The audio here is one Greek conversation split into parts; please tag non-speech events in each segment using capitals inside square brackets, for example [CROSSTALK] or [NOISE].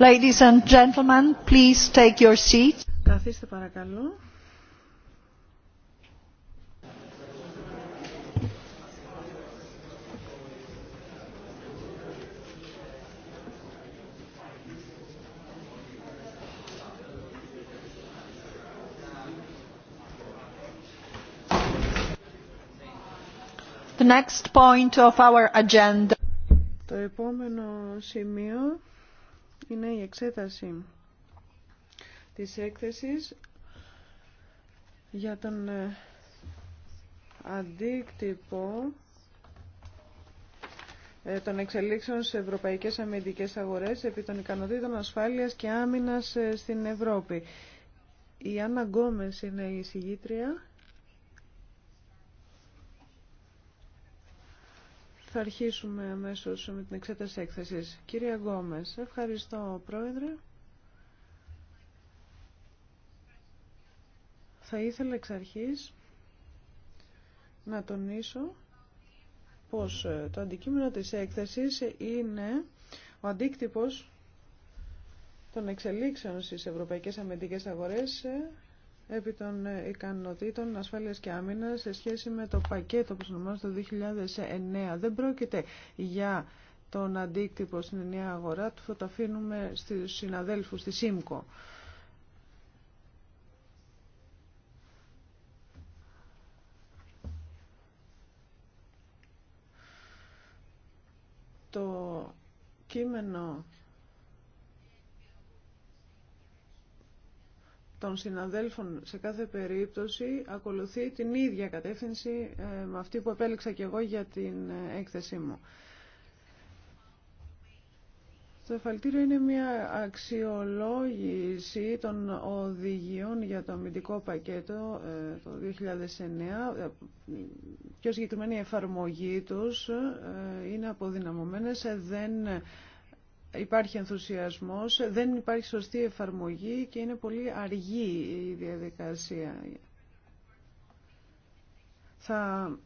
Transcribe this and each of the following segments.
Ladies and gentlemen, please take your seats. Καθίστε παρακαλώ. The next point of our agenda. Το επόμενο σημείο είναι η εξέταση της έκθεσης για τον ε, αντίκτυπο ε, των εξελίξεων σε ευρωπαϊκές αμυντικές αγορές επί των ικανοτήτων ασφάλειας και άμυνας ε, στην Ευρώπη. Η Άννα Γκόμες είναι η συγγήτρια. Θα αρχίσουμε αμέσως με την εξέταση έκθεση. Κυρία Γκόμες, ευχαριστώ πρόεδρε. Θα ήθελα εξ αρχής να τονίσω πως ε, το αντικείμενο της έκθεσης είναι ο αντίκτυπος των εξελίξεων στις ευρωπαϊκές αμυντικές αγορές ε, επί των ικανοτήτων ασφάλεια και άμυνα σε σχέση με το πακέτο που ονομάζεται το 2009. Δεν πρόκειται για τον αντίκτυπο στην ενιαία αγορά, του θα το αφήνουμε στους συναδέλφους στη ΣΥΜΚΟ. Το κείμενο των συναδέλφων σε κάθε περίπτωση ακολουθεί την ίδια κατεύθυνση ε, με αυτή που επέλεξα και εγώ για την ε, έκθεσή μου. Το εφαλτήριο είναι μια αξιολόγηση των οδηγιών για το αμυντικό πακέτο ε, το 2009. Πιο συγκεκριμένη εφαρμογή τους είναι αποδυναμωμένες, δεν υπάρχει ενθουσιασμός, δεν υπάρχει σωστή εφαρμογή και είναι πολύ αργή η διαδικασία. Θα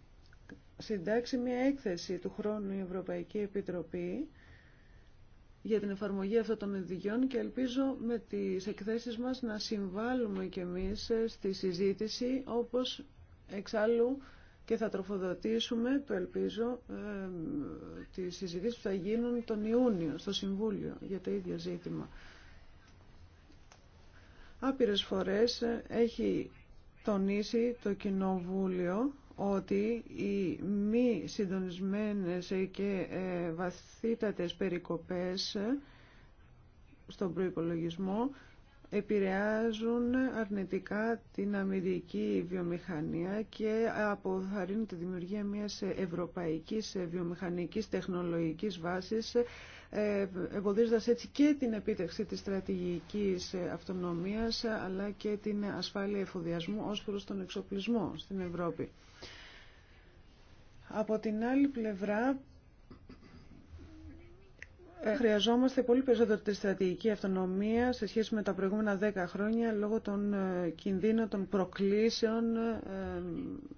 συντάξει μια έκθεση του χρόνου η Ευρωπαϊκή Επιτροπή για την εφαρμογή αυτών των ειδικιών και ελπίζω με τις εκθέσεις μας να συμβάλλουμε κι εμείς στη συζήτηση όπως εξάλλου και θα τροφοδοτήσουμε, το ελπίζω, ε, τις συζητήσεις που θα γίνουν τον Ιούνιο στο Συμβούλιο για το ίδιο ζήτημα. Άπειρες φορές ε, έχει τονίσει το Κοινοβούλιο ότι οι μη συντονισμένες και ε, βαθύτατες περικοπές ε, στον προϋπολογισμό επηρεάζουν αρνητικά την αμυντική βιομηχανία και αποθαρρύνουν τη δημιουργία μιας ευρωπαϊκής βιομηχανικής τεχνολογικής βάσης ε, εμποδίζοντας έτσι και την επίτευξη της στρατηγικής αυτονομίας αλλά και την ασφάλεια εφοδιασμού ως προς τον εξοπλισμό στην Ευρώπη. Από την άλλη πλευρά Χρειαζόμαστε πολύ περισσότερη στρατηγική αυτονομία σε σχέση με τα προηγούμενα δέκα χρόνια λόγω των ε, κινδύνων, των προκλήσεων ε,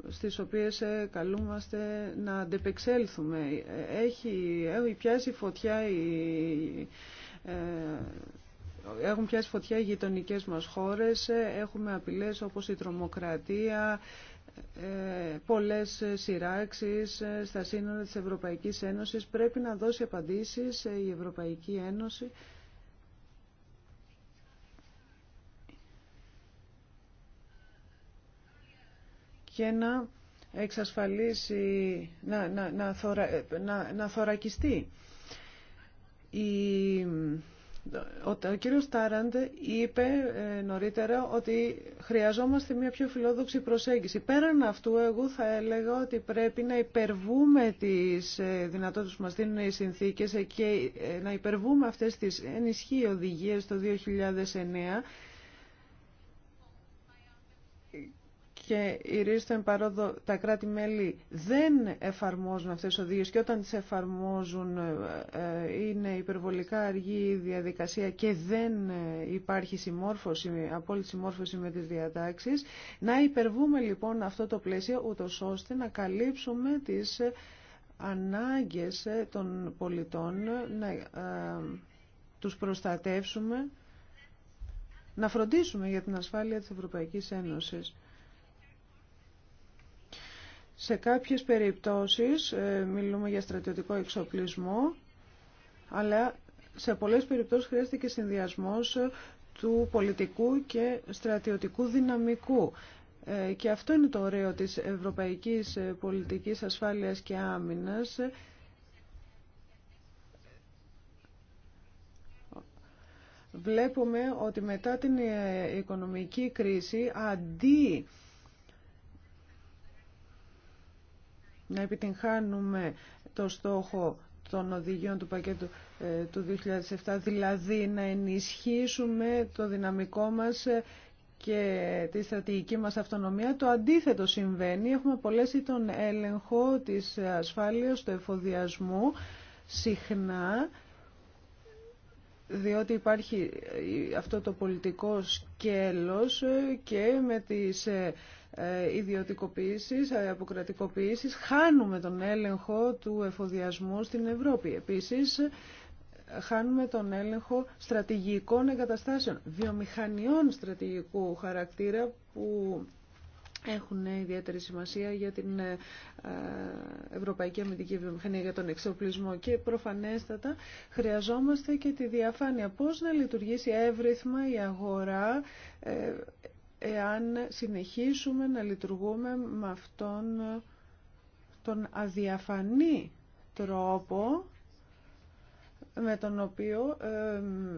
στις οποίες ε, καλούμαστε να αντεπεξέλθουμε. Έχει, έχει πιάσει φωτιά η, έχουν πιάσει φωτιά οι γειτονικέ μας χώρες, έχουμε απειλές όπως η τρομοκρατία, πολλές σειράξεις ε, στα σύνορα της Ευρωπαϊκής Ένωσης. Πρέπει να δώσει απαντήσεις ε, η Ευρωπαϊκή Ένωση. και να εξασφαλίσει, να, να, να, θωρα, ε, να, να θωρακιστεί η ο κύριος Τάραντ είπε ε, νωρίτερα ότι χρειαζόμαστε μια πιο φιλόδοξη προσέγγιση. Πέραν αυτού, εγώ θα έλεγα ότι πρέπει να υπερβούμε τις ε, δυνατότητες που μας δίνουν οι συνθήκες ε, και να υπερβούμε αυτές τις ενισχύει οδηγίες το 2009 και η ρίστον παρόδο τα κράτη-μέλη δεν εφαρμόζουν αυτές τις οδηγίες και όταν τις εφαρμόζουν ε, ε, είναι υπερβολικά αργή η διαδικασία και δεν ε, υπάρχει συμμόρφωση, απόλυτη συμμόρφωση με τις διατάξεις. Να υπερβούμε λοιπόν αυτό το πλαίσιο ούτως ώστε να καλύψουμε τις ανάγκες των πολιτών, να τους προστατεύσουμε, να φροντίσουμε για την ασφάλεια της Ευρωπαϊκής Ένωσης. Σε κάποιες περιπτώσεις ε, μιλούμε για στρατιωτικό εξοπλισμό, αλλά σε πολλές περιπτώσεις χρειάζεται και συνδυασμός ε, του πολιτικού και στρατιωτικού δυναμικού. Ε, και αυτό είναι το ωραίο της ευρωπαϊκής πολιτικής ασφάλειας και άμυνας. Βλέπουμε ότι μετά την οικονομική κρίση, αντί να επιτυγχάνουμε το στόχο των οδηγιών του πακέτου ε, του 2007, δηλαδή να ενισχύσουμε το δυναμικό μας ε, και τη στρατηγική μας αυτονομία. Το αντίθετο συμβαίνει. Έχουμε πολλές τον έλεγχο της ασφάλειας του εφοδιασμού συχνά διότι υπάρχει ε, αυτό το πολιτικό σκέλος ε, και με τις ε, ιδιωτικοποίησεις, αποκρατικοποίησεις χάνουμε τον έλεγχο του εφοδιασμού στην Ευρώπη. Επίσης χάνουμε τον έλεγχο στρατηγικών εγκαταστάσεων, βιομηχανιών στρατηγικού χαρακτήρα που έχουν ιδιαίτερη σημασία για την ε, Ευρωπαϊκή Αμυντική Βιομηχανία, για τον εξοπλισμό και προφανέστατα χρειαζόμαστε και τη διαφάνεια. Πώς να λειτουργήσει εύρυθμα η αγορά ε, εάν συνεχίσουμε να λειτουργούμε με αυτόν τον αδιαφανή τρόπο με τον οποίο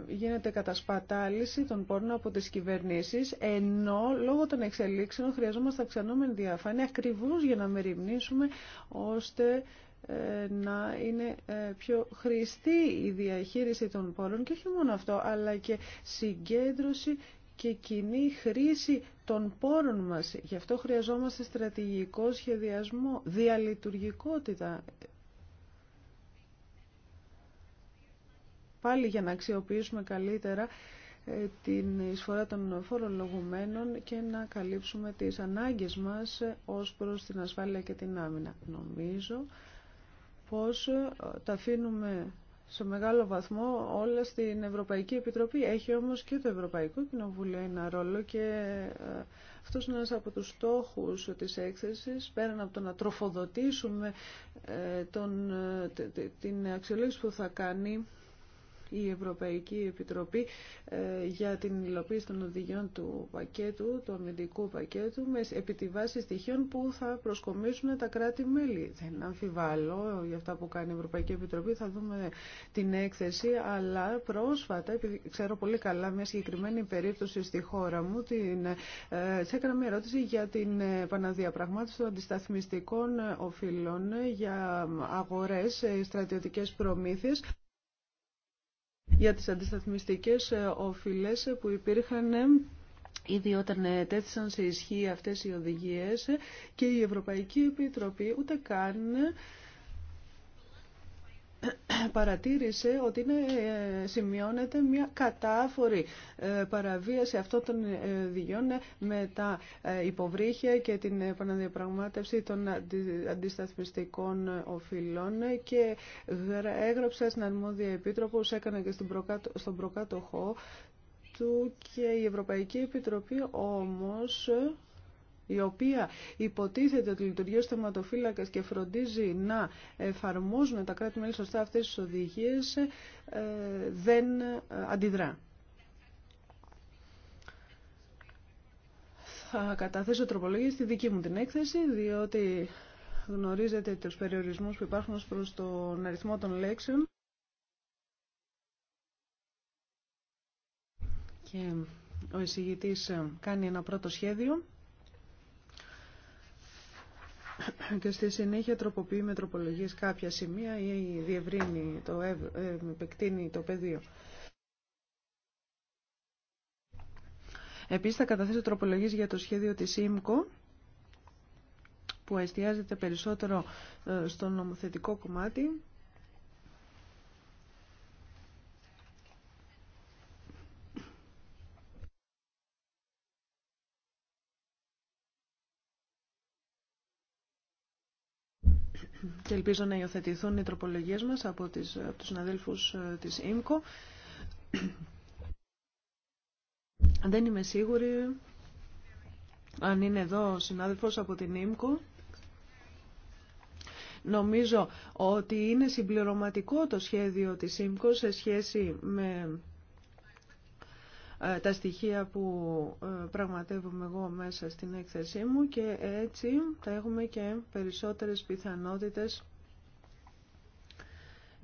γίνεται κατασπατάληση των πόρων από τις κυβερνήσεις, ενώ λόγω των εξελίξεων χρειαζόμαστε αυξανόμενη διαφάνεια ακριβώς για να μεριμνήσουμε ώστε ε, να είναι ε, πιο χρηστή η διαχείριση των πόρων και όχι μόνο αυτό, αλλά και συγκέντρωση και κοινή χρήση των πόρων μας. Γι' αυτό χρειαζόμαστε στρατηγικό σχεδιασμό, διαλειτουργικότητα πάλι για να αξιοποιήσουμε καλύτερα ε, την εισφορά των φορολογουμένων και να καλύψουμε τις ανάγκες μας ε, ως προς την ασφάλεια και την άμυνα. Νομίζω πως ε, τα αφήνουμε σε μεγάλο βαθμό όλα στην Ευρωπαϊκή Επιτροπή. Έχει όμως και το Ευρωπαϊκό Κοινοβούλιο ένα ρόλο και αυτός είναι ένας από τους στόχους της έκθεσης, πέραν από το να τροφοδοτήσουμε την αξιολόγηση που θα κάνει η Ευρωπαϊκή Επιτροπή ε, για την υλοποίηση των οδηγιών του πακέτου, του αμυντικού πακέτου, με, επί τη βάση στοιχείων που θα προσκομίσουν τα κράτη-μέλη. Δεν αμφιβάλλω για αυτά που κάνει η Ευρωπαϊκή Επιτροπή, θα δούμε την έκθεση, αλλά πρόσφατα, επειδή ξέρω πολύ καλά μια συγκεκριμένη περίπτωση στη χώρα μου, την, ε, έκανα μια ερώτηση για την επαναδιαπραγμάτευση των αντισταθμιστικών οφειλών για αγορές, ε, στρατιωτικές προμήθειε για τις αντισταθμιστικές ε, οφειλές ε, που υπήρχαν ε, Ήδη όταν τέθησαν σε ισχύ αυτές οι οδηγίες και η Ευρωπαϊκή Επιτροπή ούτε καν παρατήρησε ότι είναι, ε, σημειώνεται μια κατάφορη ε, παραβίαση αυτών των ε, διγιών με τα υποβρύχια και την επαναδιαπραγμάτευση των αντισταθμιστικών οφειλών και έγραψε στην αρμόδια επίτροπο, έκανε και στον προκάτοχό του και η Ευρωπαϊκή Επιτροπή όμως η οποία υποτίθεται ότι λειτουργεί ως θεματοφύλακας και φροντίζει να εφαρμόζουν τα κράτη-μέλη σωστά αυτές τις οδηγίες, ε, δεν ε, αντιδρά. Θα καταθέσω τροπολογία στη δική μου την έκθεση, διότι γνωρίζετε τους περιορισμούς που υπάρχουν ως προς τον αριθμό των λέξεων. Και ο εισηγητής ε, κάνει ένα πρώτο σχέδιο και στη συνέχεια τροποποιεί με τροπολογίες κάποια σημεία ή διευρύνει, το, ε, ε, επεκτείνει το πεδίο. Επίσης θα καταθέσω τροπολογίες για το σχέδιο της Σύμκο, που εστιάζεται περισσότερο ε, στο νομοθετικό κομμάτι και ελπίζω να υιοθετηθούν οι τροπολογίες μας από, τις, από τους συναδέλφους ε, της ΙΜΚΟ. [CLEARS THROAT] Δεν είμαι σίγουρη αν είναι εδώ ο συνάδελφος από την ΙΜΚΟ. Νομίζω ότι είναι συμπληρωματικό το σχέδιο της ΙΜΚΟ σε σχέση με ε, τα στοιχεία που ε, πραγματεύομαι εγώ μέσα στην έκθεσή μου και έτσι θα έχουμε και περισσότερες πιθανότητες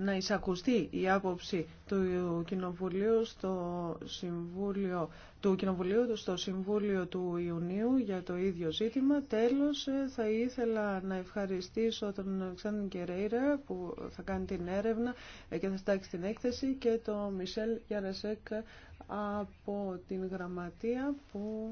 να εισακουστεί η άποψη του Κοινοβουλίου στο Συμβούλιο του Κοινοβουλίου στο Συμβούλιο του Ιουνίου για το ίδιο ζήτημα. Τέλος, ε, θα ήθελα να ευχαριστήσω τον Αλεξάνδρου Κερέιρα που θα κάνει την έρευνα ε, και θα στάξει την έκθεση και τον Μισελ Γιαρασέκ από την Γραμματεία που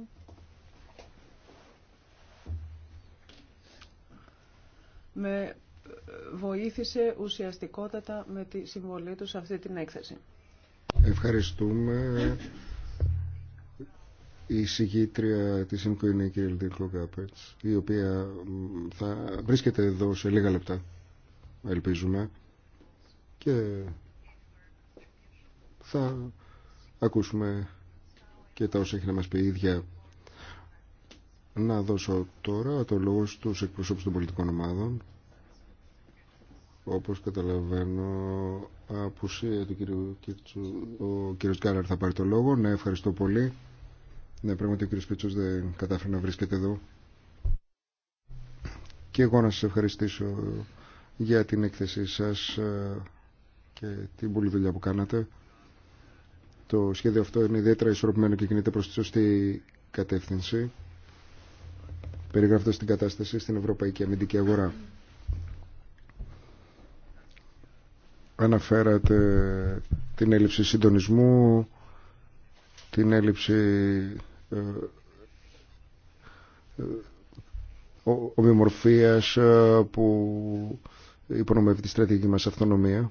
βοήθησε ουσιαστικότατα με τη συμβολή του σε αυτή την έκθεση. Ευχαριστούμε. Η συγγήτρια της ΕΜΚΟ είναι η κυρία Κάπετς, η οποία θα βρίσκεται εδώ σε λίγα λεπτά, ελπίζουμε, και θα ακούσουμε και τα όσα έχει να μας πει η ίδια. Να δώσω τώρα το λόγο στους εκπροσώπους των πολιτικών ομάδων. Όπως καταλαβαίνω, απουσία του κύριου Κίρτσου, ο κύριος Γκάλαρ θα πάρει το λόγο. Ναι, ευχαριστώ πολύ. Ναι, πράγματι ο κύριος Κίρτσος δεν κατάφερε να βρίσκεται εδώ. Και εγώ να σας ευχαριστήσω για την έκθεσή σας ε, και την πολλή δουλειά που κάνατε. Το σχέδιο αυτό είναι ιδιαίτερα ισορροπημένο και κινείται προς τη σωστή κατεύθυνση περιγράφοντας την κατάσταση στην ευρωπαϊκή αμυντική αγορά. Αναφέρατε την έλλειψη συντονισμού, την έλλειψη ε, ε ομοιομορφίας ε, που υπονομεύει τη στρατηγική μας αυτονομία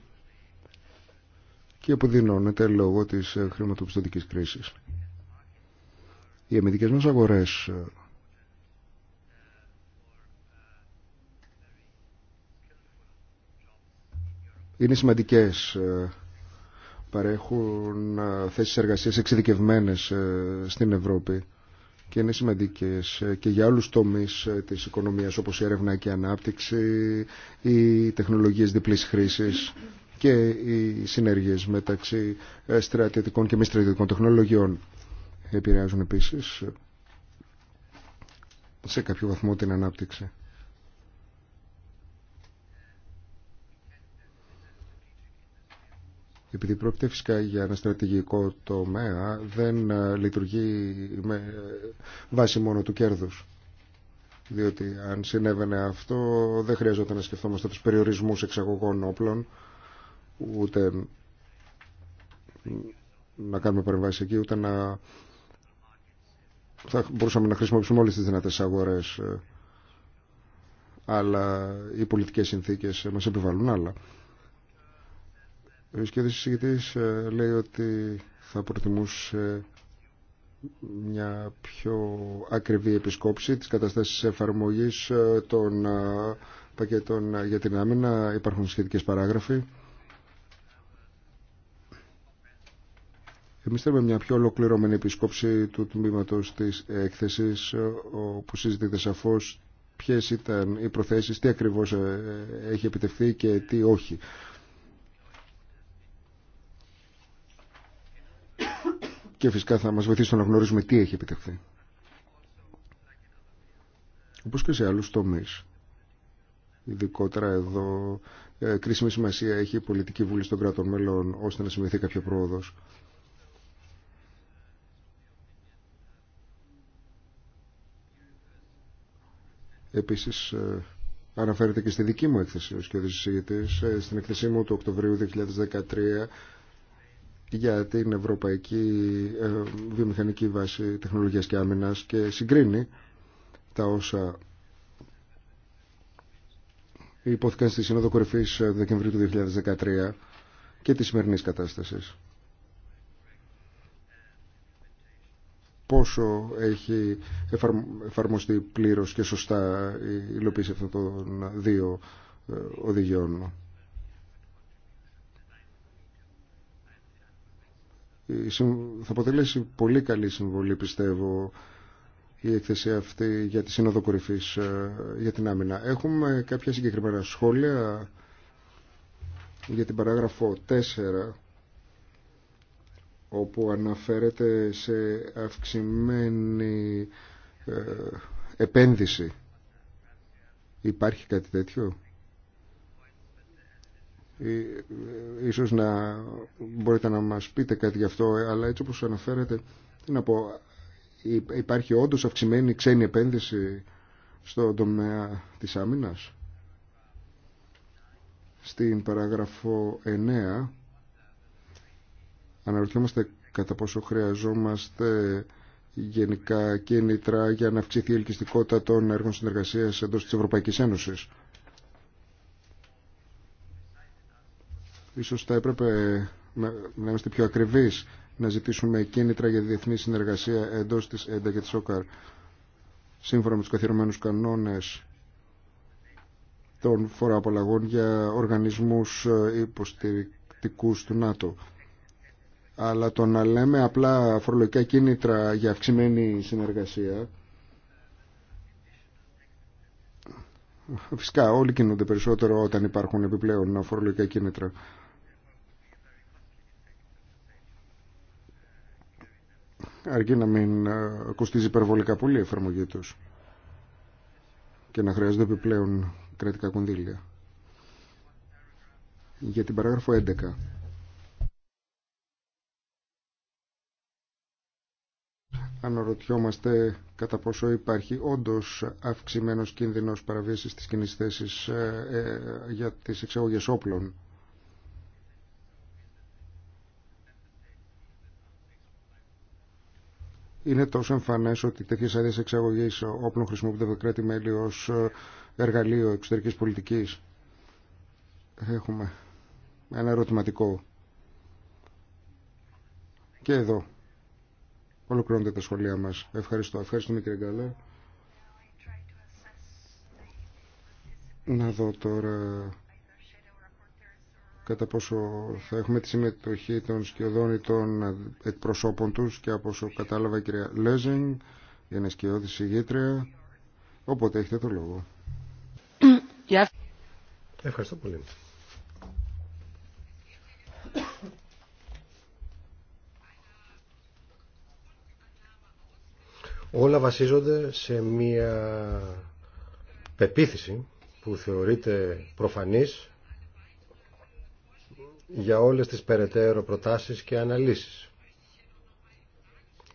και αποδεινώνεται λόγω της ε, χρηματοπιστωτικής κρίσης. Οι αμυντικές μας αγορές είναι σημαντικές. Ε, παρέχουν ε, θέσεις εργασίας εξειδικευμένες ε, στην Ευρώπη και είναι σημαντικές και για άλλους τομείς της οικονομίας όπως η έρευνα και η ανάπτυξη, οι τεχνολογίες διπλής χρήσης και οι συνέργειες μεταξύ στρατιωτικών και μη στρατιωτικών τεχνολογιών επηρεάζουν επίσης σε κάποιο βαθμό την ανάπτυξη. επειδή πρόκειται φυσικά για ένα στρατηγικό τομέα, δεν ε, λειτουργεί με ε, βάση μόνο του κέρδους. Διότι αν συνέβαινε αυτό δεν χρειαζόταν να σκεφτόμαστε τους περιορισμούς εξαγωγών όπλων, ούτε να κάνουμε παρεμβάσεις εκεί, ούτε να θα μπορούσαμε να χρησιμοποιήσουμε όλες τις δυνατές αγορές ε. αλλά οι πολιτικές συνθήκες μας επιβάλλουν άλλα. Ο ισχυρός συζητητής ε, λέει ότι θα προτιμούσε μια πιο ακριβή επισκόψη της καταστάσης εφαρμογής ε, των ε, πακέτων για την άμυνα. Υπάρχουν σχετικές παράγραφοι. Εμείς θέλουμε μια πιο ολοκληρωμένη επισκόψη του τμήματος της έκθεσης όπου συζητείται σαφώς ποιες ήταν οι προθέσεις, τι ακριβώς έχει επιτευχθεί και τι όχι. και φυσικά θα μας βοηθήσει να γνωρίζουμε τι έχει επιτευχθεί. Όπως και σε άλλους τομείς. Ειδικότερα εδώ ε, κρίσιμη σημασία έχει η πολιτική βούληση των κρατών μελών ώστε να σημειωθεί κάποιο πρόοδος. Επίσης ε, αναφέρεται και στη δική μου έκθεση ως και ε, στην έκθεσή μου του Οκτωβρίου 2013 για την Ευρωπαϊκή ε, Βιομηχανική Βάση Τεχνολογίας και Άμυνας και συγκρίνει τα όσα υπόθηκαν στη Σύνοδο Κορυφής Δεκεμβρίου του 2013 και τη σημερινή κατάσταση. Πόσο έχει εφαρμοστεί πλήρως και σωστά η υλοποίηση αυτών των δύο ε, οδηγιών. θα αποτελέσει πολύ καλή συμβολή πιστεύω η έκθεση αυτή για τη Σύνοδο Κορυφής ε, για την άμυνα. Έχουμε κάποια συγκεκριμένα σχόλια για την παράγραφο 4 όπου αναφέρεται σε αυξημένη ε, επένδυση. Υπάρχει κάτι τέτοιο. Ε, ε, ίσως να μπορείτε να μας πείτε κάτι γι' αυτό, αλλά έτσι όπως αναφέρετε, να πω, υπάρχει όντως αυξημένη ξένη επένδυση στο τομέα της άμυνας. Στην παράγραφο 9 αναρωτιόμαστε κατά πόσο χρειαζόμαστε γενικά κίνητρα για να αυξηθεί η ελκυστικότητα των έργων συνεργασίας εντός της Ευρωπαϊκής Ένωσης. Ίσως θα έπρεπε να είμαστε πιο ακριβείς να ζητήσουμε κίνητρα για διεθνή συνεργασία εντός της ΕΝΤΑ και της ΟΚΑΡ σύμφωνα με τους καθιερωμένους κανόνες των φοροαπολαγών για οργανισμούς ε, υποστηρικτικούς του ΝΑΤΟ. Αλλά το να λέμε απλά φορολογικά κίνητρα για αυξημένη συνεργασία Φυσικά όλοι κινούνται περισσότερο όταν υπάρχουν επιπλέον φορολογικά κίνητρα. Αρκεί να μην ε, κοστίζει υπερβολικά πολύ η εφαρμογή του και να χρειάζονται επιπλέον κρατικά κονδύλια. Για την παράγραφο 11. αναρωτιόμαστε κατά πόσο υπάρχει όντως αυξημένος κίνδυνος παραβίασης της κοινής θέσης ε, ε, για τις εξαγωγές όπλων. Είναι τόσο εμφανέ ότι τέτοιε άδειε εξαγωγή όπλων χρησιμοποιούνται από κράτη-μέλη ω ε, εργαλείο εξωτερικής πολιτικής. Έχουμε ένα ερωτηματικό. Και εδώ Ολοκληρώνεται τα σχολεία μας. Ευχαριστώ. Ευχαριστούμε κύριε Γκάλα. Να δω τώρα κατά πόσο θα έχουμε τη συμμετοχή των σκιωδών ή των εκπροσώπων τους και από όσο κατάλαβα η κυρία Λέζινγκ να σκιώδη συγγήτρια. Οπότε έχετε το λόγο. Ευχαριστώ πολύ. Όλα βασίζονται σε μια πεποίθηση που θεωρείται προφανής για όλες τις περαιτέρω προτάσεις και αναλύσεις.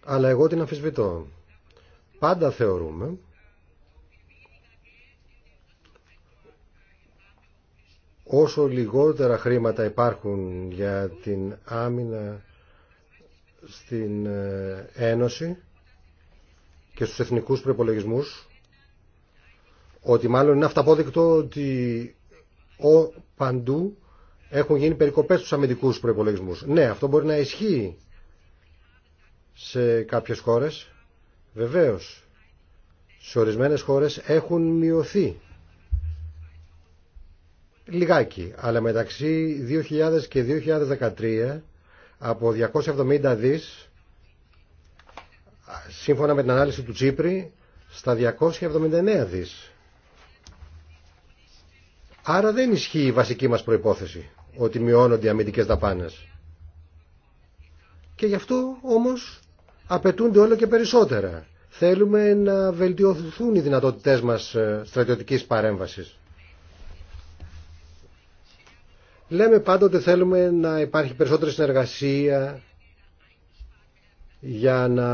Αλλά εγώ την αμφισβητώ. Πάντα θεωρούμε όσο λιγότερα χρήματα υπάρχουν για την άμυνα στην ε, Ένωση και στους εθνικούς προπολογισμού, ότι μάλλον είναι αυταπόδεικτο ότι ο, παντού έχουν γίνει περικοπές στους αμυντικούς προπολογισμού. Ναι, αυτό μπορεί να ισχύει σε κάποιες χώρες. Βεβαίως, σε ορισμένες χώρες έχουν μειωθεί λιγάκι, αλλά μεταξύ 2000 και 2013 από 270 δις σύμφωνα με την ανάλυση του Τσίπρη, στα 279 δις. Άρα δεν ισχύει η βασική μας προϋπόθεση ότι μειώνονται οι αμυντικές δαπάνες. Και γι' αυτό όμως απαιτούνται όλο και περισσότερα. Θέλουμε να βελτιωθούν οι δυνατότητές μας ε, στρατιωτικής παρέμβασης. Λέμε πάντοτε θέλουμε να υπάρχει περισσότερη συνεργασία για να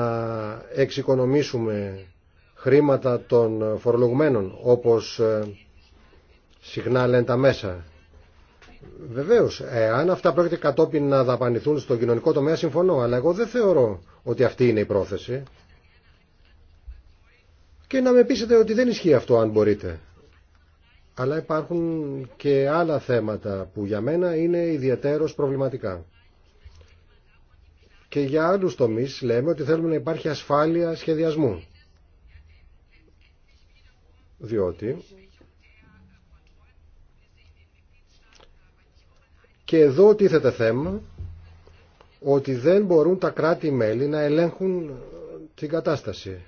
εξοικονομήσουμε χρήματα των φορολογουμένων όπως ε, συχνά λένε τα μέσα. Βεβαίως, ε, αν αυτά πρόκειται κατόπιν να δαπανηθούν στο κοινωνικό τομέα συμφωνώ, αλλά εγώ δεν θεωρώ ότι αυτή είναι η πρόθεση. Και να με πείσετε ότι δεν ισχύει αυτό αν μπορείτε. Αλλά υπάρχουν και άλλα θέματα που για μένα είναι ιδιαίτερως προβληματικά. Και για άλλους τομείς λέμε ότι θέλουμε να υπάρχει ασφάλεια σχεδιασμού. Διότι και εδώ τίθεται θέμα ότι δεν μπορούν τα κράτη-μέλη να ελέγχουν ε, την κατάσταση.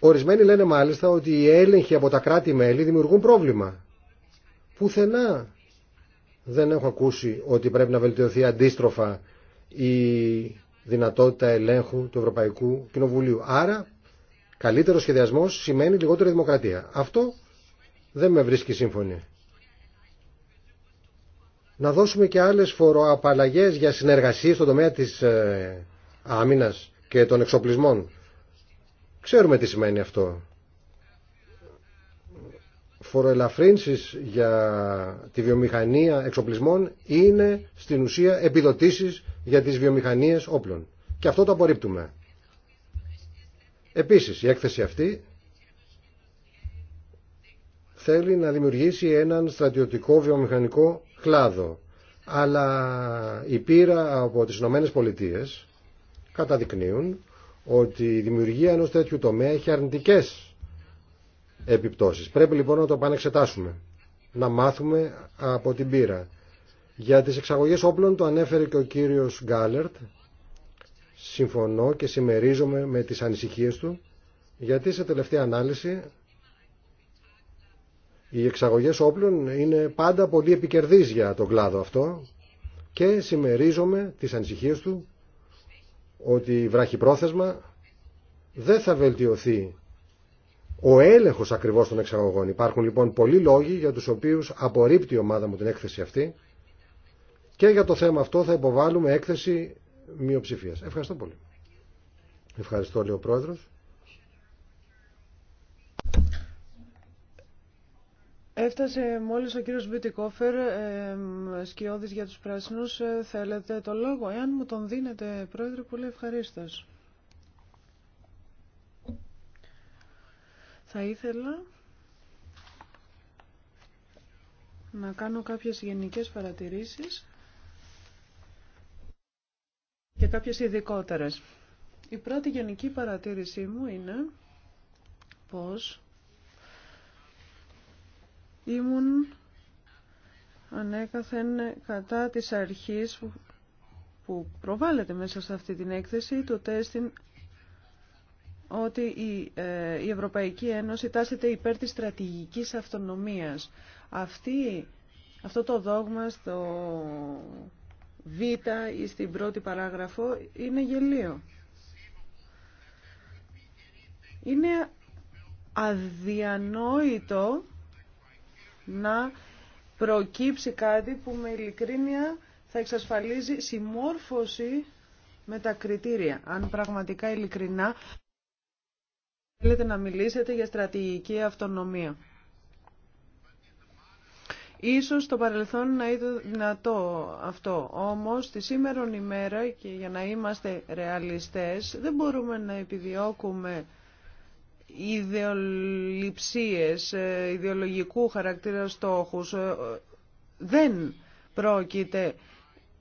Ορισμένοι λένε μάλιστα ότι οι έλεγχοι από τα κράτη-μέλη δημιουργούν πρόβλημα. Πουθενά δεν έχω ακούσει ότι πρέπει να βελτιωθεί αντίστροφα η δυνατότητα ελέγχου του Ευρωπαϊκού Κοινοβουλίου. Άρα, καλύτερο σχεδιασμό σημαίνει λιγότερη δημοκρατία. Αυτό δεν με βρίσκει σύμφωνη. Να δώσουμε και άλλες φοροαπαλλαγές για συνεργασίες στον τομέα της ε, άμυνας και των εξοπλισμών. Ξέρουμε τι σημαίνει αυτό φοροελαφρύνσεις για τη βιομηχανία εξοπλισμών είναι στην ουσία επιδοτήσεις για τις βιομηχανίες όπλων. Και αυτό το απορρίπτουμε. Επίσης, η έκθεση αυτή θέλει να δημιουργήσει έναν στρατιωτικό βιομηχανικό κλάδο. Αλλά η πείρα από τις Ηνωμένες Πολιτείες καταδεικνύουν ότι η δημιουργία ενός τέτοιου τομέα έχει αρνητικές επιπτώσεις. Πρέπει λοιπόν να το επανεξετάσουμε, να μάθουμε από την πύρα Για τις εξαγωγές όπλων το ανέφερε και ο κύριος Γκάλερτ. Συμφωνώ και συμμερίζομαι με τις ανησυχίες του, γιατί σε τελευταία ανάλυση οι εξαγωγές όπλων είναι πάντα πολύ επικερδείς για τον κλάδο αυτό και συμμερίζομαι τις ανησυχίες του ότι βραχυπρόθεσμα δεν θα βελτιωθεί ο έλεγχος ακριβώς των εξαγωγών. Υπάρχουν λοιπόν πολλοί λόγοι για τους οποίους απορρίπτει η ομάδα μου την έκθεση αυτή και για το θέμα αυτό θα υποβάλουμε έκθεση μειοψηφίας. Ευχαριστώ πολύ. Ευχαριστώ λέει ο Πρόεδρος. Έφτασε μόλις ο κύριος Μπιτικόφερ, ε, σκιώδης για τους πράσινους. Ε, θέλετε το λόγο. Εάν μου τον δίνετε, Πρόεδρε, πολύ ευχαρίστως. Θα ήθελα να κάνω κάποιες γενικές παρατηρήσεις και κάποιες ειδικότερε. Η πρώτη γενική παρατήρησή μου είναι πως ήμουν ανέκαθεν κατά της αρχής που προβάλλεται μέσα σε αυτή την έκθεση το τέστην ότι ε, η, Ευρωπαϊκή Ένωση τάσεται υπέρ της στρατηγικής αυτονομίας. Αυτή, αυτό το δόγμα στο Β ή στην πρώτη παράγραφο είναι γελίο. Είναι αδιανόητο να προκύψει κάτι που με ειλικρίνεια θα εξασφαλίζει συμμόρφωση με τα κριτήρια. Αν πραγματικά ειλικρινά Θέλετε να μιλήσετε για στρατηγική αυτονομία. Ίσως στο παρελθόν να ήταν δυνατό αυτό, όμως στη σήμερον ημέρα και για να είμαστε ρεαλιστές δεν μπορούμε να επιδιώκουμε ιδεολειψίες, ε, ιδεολογικού χαρακτήρα στόχους. Ε, δεν πρόκειται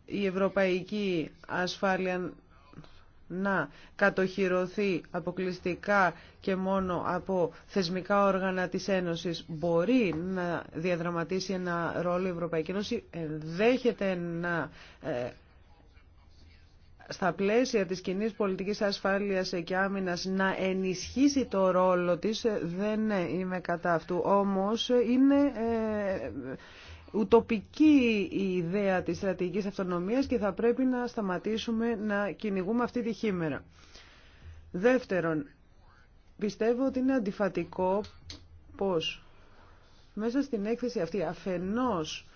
η ευρωπαϊκή ασφάλεια να κατοχυρωθεί αποκλειστικά και μόνο από θεσμικά όργανα της Ένωσης μπορεί να διαδραματίσει ένα ρόλο η Ευρωπαϊκή Ένωση, ενδέχεται να ε, στα πλαίσια της κοινή πολιτικής ασφάλειας και άμυνας να ενισχύσει το ρόλο της, δεν είμαι κατά αυτού. Όμως είναι ε, ουτοπική η ιδέα της στρατηγικής αυτονομίας και θα πρέπει να σταματήσουμε να κυνηγούμε αυτή τη χήμερα. Δεύτερον, πιστεύω ότι είναι αντιφατικό πως μέσα στην έκθεση αυτή αφενός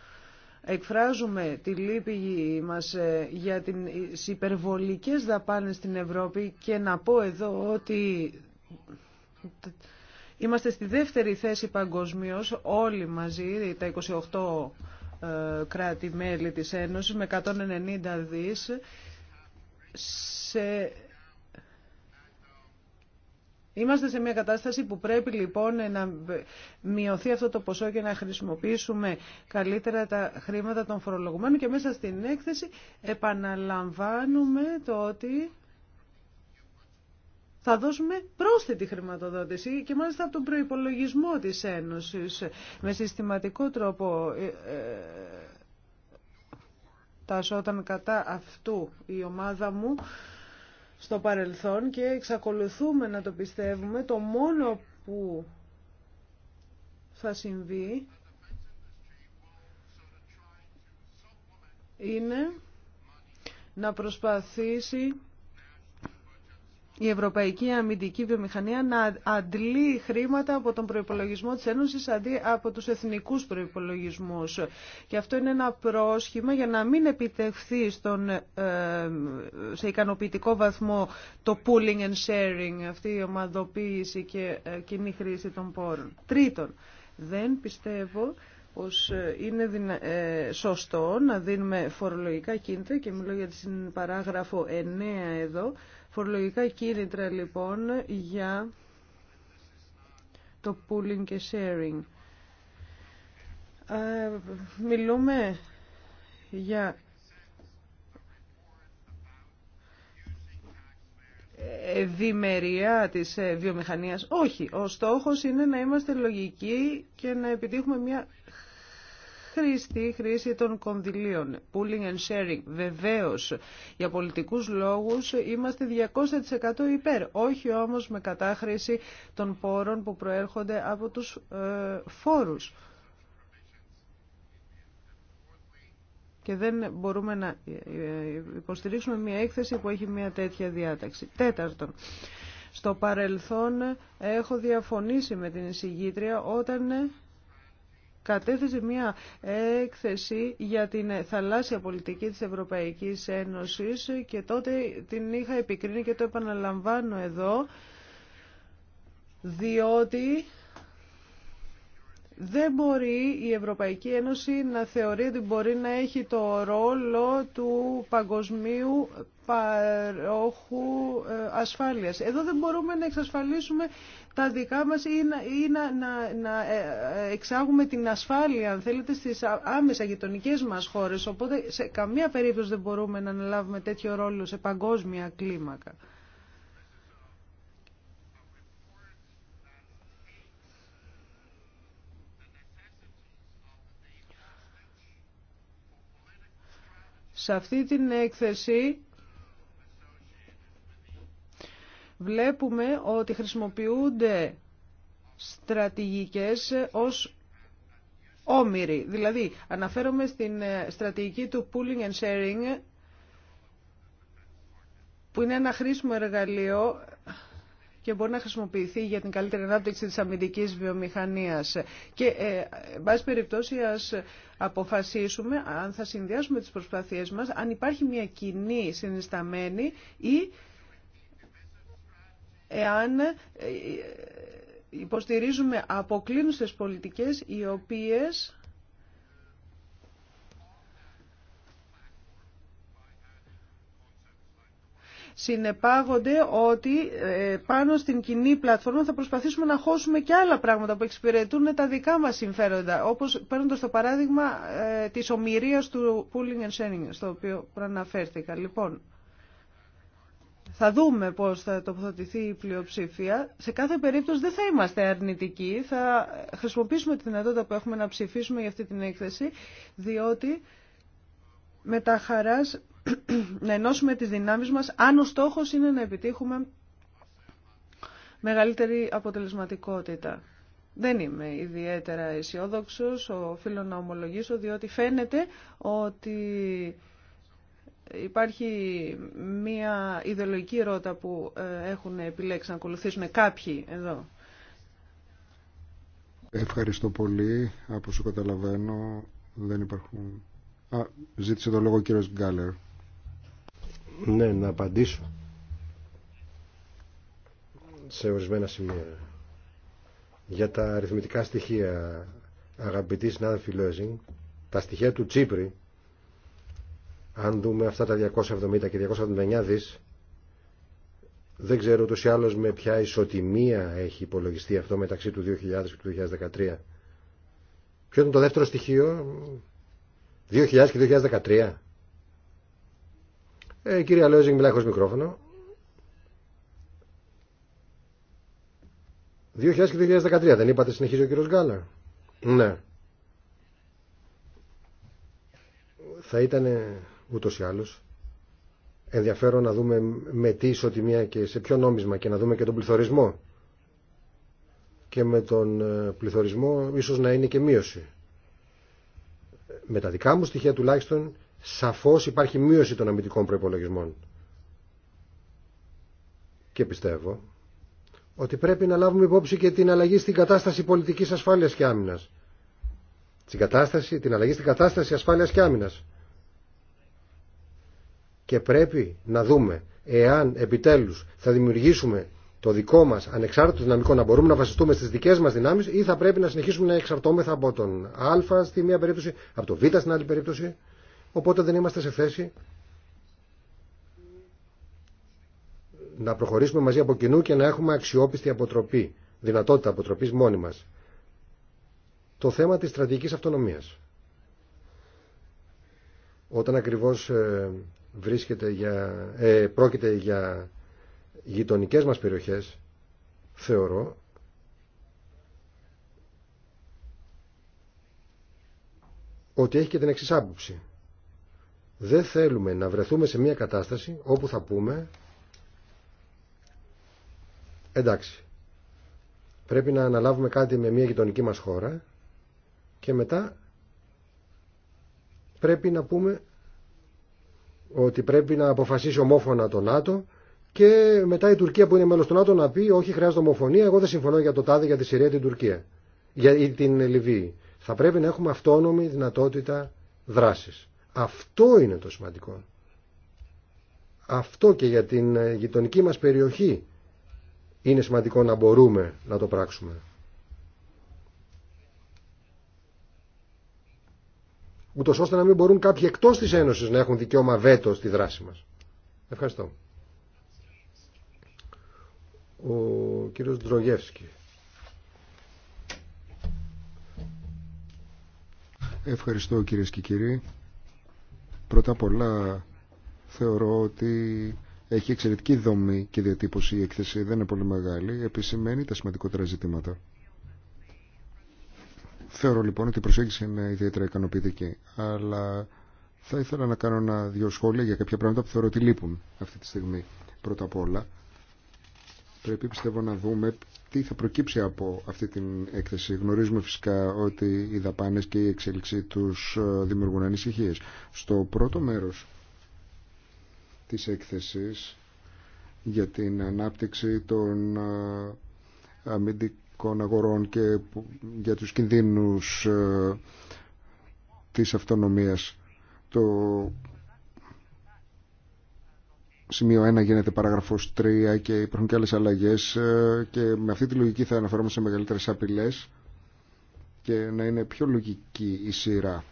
εκφράζουμε τη λύπη μας ε, για τις υπερβολικές δαπάνες στην Ευρώπη και να πω εδώ ότι Είμαστε στη δεύτερη θέση παγκοσμίω όλοι μαζί, τα 28 ε, κράτη-μέλη της Ένωσης, με 190 δις. Σε... Είμαστε σε μια κατάσταση που πρέπει λοιπόν να μειωθεί αυτό το ποσό και να χρησιμοποιήσουμε καλύτερα τα χρήματα των φορολογουμένων και μέσα στην έκθεση επαναλαμβάνουμε το ότι θα δώσουμε πρόσθετη χρηματοδότηση και μάλιστα από τον προϋπολογισμό της Ένωσης με συστηματικό τρόπο ε, ε, τα σώταν κατά αυτού η ομάδα μου στο παρελθόν και εξακολουθούμε να το πιστεύουμε το μόνο που θα συμβεί είναι να προσπαθήσει η Ευρωπαϊκή Αμυντική Βιομηχανία να αντλεί χρήματα από τον προϋπολογισμό της Ένωσης αντί από τους εθνικούς προϋπολογισμούς. Και αυτό είναι ένα πρόσχημα για να μην επιτευχθεί στον, ε, σε ικανοποιητικό βαθμό το pooling and sharing, αυτή η ομαδοποίηση και ε, κοινή χρήση των πόρων. Τρίτον, δεν πιστεύω πως ε, είναι σωστό να δίνουμε φορολογικά κίνητρα και μιλώ για την παράγραφο 9 εδώ Φορολογικά κίνητρα λοιπόν για το pooling και sharing. Ε, μιλούμε για ευημερία της ε, βιομηχανίας. Όχι, ο στόχος είναι να είμαστε λογικοί και να επιτύχουμε μια χρήστη χρήση των κονδυλίων, pooling and sharing. Βεβαίως, για πολιτικούς λόγους είμαστε 200% υπέρ, όχι όμως με κατάχρηση των πόρων που προέρχονται από τους ε, φόρους. και δεν μπορούμε να ε, ε, υποστηρίξουμε μια έκθεση που έχει μια τέτοια διάταξη. Τέταρτον, στο παρελθόν έχω διαφωνήσει με την εισηγήτρια όταν κατέθεσε μια έκθεση για την θαλάσσια πολιτική της Ευρωπαϊκής Ένωσης και τότε την είχα επικρίνει και το επαναλαμβάνω εδώ διότι δεν μπορεί η Ευρωπαϊκή Ένωση να θεωρεί ότι μπορεί να έχει το ρόλο του παγκοσμίου παρόχου ε, ασφάλειας. Εδώ δεν μπορούμε να εξασφαλίσουμε τα δικά μας ή να, να, να, ε, ε, εξάγουμε την ασφάλεια, αν θέλετε, στις άμεσα γειτονικέ μας χώρες. Οπότε σε καμία περίπτωση δεν μπορούμε να αναλάβουμε τέτοιο ρόλο σε παγκόσμια κλίμακα. Σε αυτή την έκθεση βλέπουμε ότι χρησιμοποιούνται στρατηγικές ως όμοιροι. Δηλαδή, αναφέρομαι στην ε, στρατηγική του pooling and sharing, που είναι ένα χρήσιμο εργαλείο και μπορεί να χρησιμοποιηθεί για την καλύτερη ανάπτυξη της αμυντικής βιομηχανίας. Και, ε, περιπτώσει, ας αποφασίσουμε αν θα συνδυάσουμε τις προσπάθειές μας, αν υπάρχει μια κοινή συνισταμένη ή εάν ε, υποστηρίζουμε αποκλίνουσες πολιτικές οι οποίες συνεπάγονται ότι ε, πάνω στην κοινή πλατφόρμα θα προσπαθήσουμε να χώσουμε και άλλα πράγματα που εξυπηρετούν τα δικά μας συμφέροντα, όπως παίρνοντα το παράδειγμα ε, της ομοιρίας του pooling and sharing, στο οποίο προαναφέρθηκα. Λοιπόν, θα δούμε πώς θα τοποθετηθεί η πλειοψηφία. Σε κάθε περίπτωση δεν θα είμαστε αρνητικοί. Θα χρησιμοποιήσουμε τη δυνατότητα που έχουμε να ψηφίσουμε για αυτή την έκθεση, διότι με τα χαράς να ενώσουμε τις δυνάμεις μας αν ο στόχος είναι να επιτύχουμε μεγαλύτερη αποτελεσματικότητα. Δεν είμαι ιδιαίτερα αισιόδοξο, οφείλω να ομολογήσω, διότι φαίνεται ότι υπάρχει μία ιδεολογική ρότα που ε, έχουν επιλέξει να ακολουθήσουν κάποιοι εδώ. Ευχαριστώ πολύ. Από σου καταλαβαίνω δεν υπάρχουν... Α, ζήτησε το λόγο ο κύριος Γκάλερ. Ναι, να απαντήσω σε ορισμένα σημεία. Για τα αριθμητικά στοιχεία, αγαπητοί συνάδελφοι Λέζινγκ, τα στοιχεία του Τσίπρη, αν δούμε αυτά τα 270 και 279 δις, δεν ξέρω ούτως ή άλλως με ποια ισοτιμία έχει υπολογιστεί αυτό μεταξύ του 2000 και του 2013. Ποιο ήταν το δεύτερο στοιχείο, 2000 και 2013. Ε, κυρία Λόιζινγκ, μιλάει χωρίς μικρόφωνο. 2000 και 2013, δεν είπατε συνεχίζει ο κύριος Γκάλα. Ναι. Θα ήταν ε, ούτως ή άλλως ενδιαφέρον να δούμε με τι ισοτιμία και σε ποιο νόμισμα και να δούμε και τον πληθωρισμό. Και με τον ε, πληθωρισμό ίσως να είναι και μείωση. Ε, με τα δικά μου στοιχεία τουλάχιστον σαφώς υπάρχει μείωση των αμυντικών προϋπολογισμών. Και πιστεύω ότι πρέπει να λάβουμε υπόψη και την αλλαγή στην κατάσταση πολιτικής ασφάλειας και άμυνας. Την, την αλλαγή στην κατάσταση ασφάλειας και άμυνας. Και πρέπει να δούμε εάν επιτέλους θα δημιουργήσουμε το δικό μας ανεξάρτητο δυναμικό να μπορούμε να βασιστούμε στις δικές μας δυνάμεις ή θα πρέπει να συνεχίσουμε να εξαρτώμεθα από τον Α στη μία περίπτωση, από το Β στην άλλη περίπτωση. Οπότε δεν είμαστε σε θέση να προχωρήσουμε μαζί από κοινού και να έχουμε αξιόπιστη αποτροπή, δυνατότητα αποτροπής μόνοι μας. Το θέμα της στρατηγικής αυτονομίας. Όταν ακριβώς ε, βρίσκεται για, ε, πρόκειται για γειτονικές μας περιοχές, θεωρώ ότι έχει και την εξής άποψη. Δεν θέλουμε να βρεθούμε σε μια κατάσταση όπου θα πούμε εντάξει, πρέπει να αναλάβουμε κάτι με μια γειτονική μας χώρα και μετά πρέπει να πούμε ότι πρέπει να αποφασίσει ομόφωνα το ΝΑΤΟ και μετά η Τουρκία που είναι μέλος του ΝΑΤΟ να πει όχι χρειάζεται ομοφωνία, εγώ δεν συμφωνώ για το τάδε για τη Συρία την Τουρκία ή την Λιβύη. Θα πρέπει να έχουμε αυτόνομη δυνατότητα δράσης. Αυτό είναι το σημαντικό. Αυτό και για την ε, γειτονική μας περιοχή είναι σημαντικό να μπορούμε να το πράξουμε. ούτω ώστε να μην μπορούν κάποιοι εκτό τη Ένωση να έχουν δικαίωμα βέτο στη δράση μα. Ευχαριστώ. Ο κύριο Ντρογεύσκη. Ευχαριστώ κυρίε και κύριοι. Πρώτα απ' όλα θεωρώ ότι έχει εξαιρετική δομή και διατύπωση η έκθεση, δεν είναι πολύ μεγάλη, επισημαίνει τα σημαντικότερα ζητήματα. Θεωρώ λοιπόν ότι η προσέγγιση είναι ιδιαίτερα ικανοποιητική, αλλά θα ήθελα να κάνω ένα δύο σχόλια για κάποια πράγματα που θεωρώ ότι λείπουν αυτή τη στιγμή. Πρώτα απ' όλα, πρέπει πιστεύω να δούμε τι θα προκύψει από αυτή την έκθεση. Γνωρίζουμε φυσικά ότι οι δαπάνες και η εξέλιξή τους ε, δημιουργούν ανησυχίε. Στο πρώτο μέρος της έκθεση για την ανάπτυξη των ε, αμυντικών αγορών και για τους κινδύνους ε, της αυτονομίας. Το σημείο 1 γίνεται παραγραφό 3 και υπάρχουν και άλλε αλλαγέ ε, και με αυτή τη λογική θα αναφέρομαι σε μεγαλύτερε απειλέ και να είναι πιο λογική η σειρά.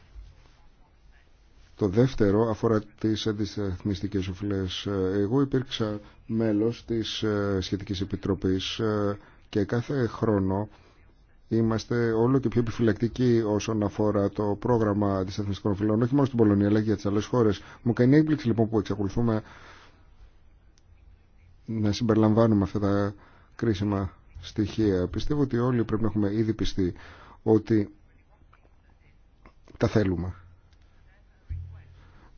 Το δεύτερο αφορά τις αντισταθμιστικέ οφειλές. Ε, εγώ υπήρξα μέλος της ε, σχετικής επιτροπής και κάθε χρόνο είμαστε όλο και πιο επιφυλακτικοί όσον αφορά το πρόγραμμα αντισταθμιστικών οφειλών, όχι μόνο στην Πολωνία αλλά και για τις άλλες χώρες. Μου κάνει έκπληξη λοιπόν που εξακολουθούμε να συμπεριλαμβάνουμε αυτά τα κρίσιμα στοιχεία. Πιστεύω ότι όλοι πρέπει να έχουμε ήδη πιστεί ότι τα θέλουμε.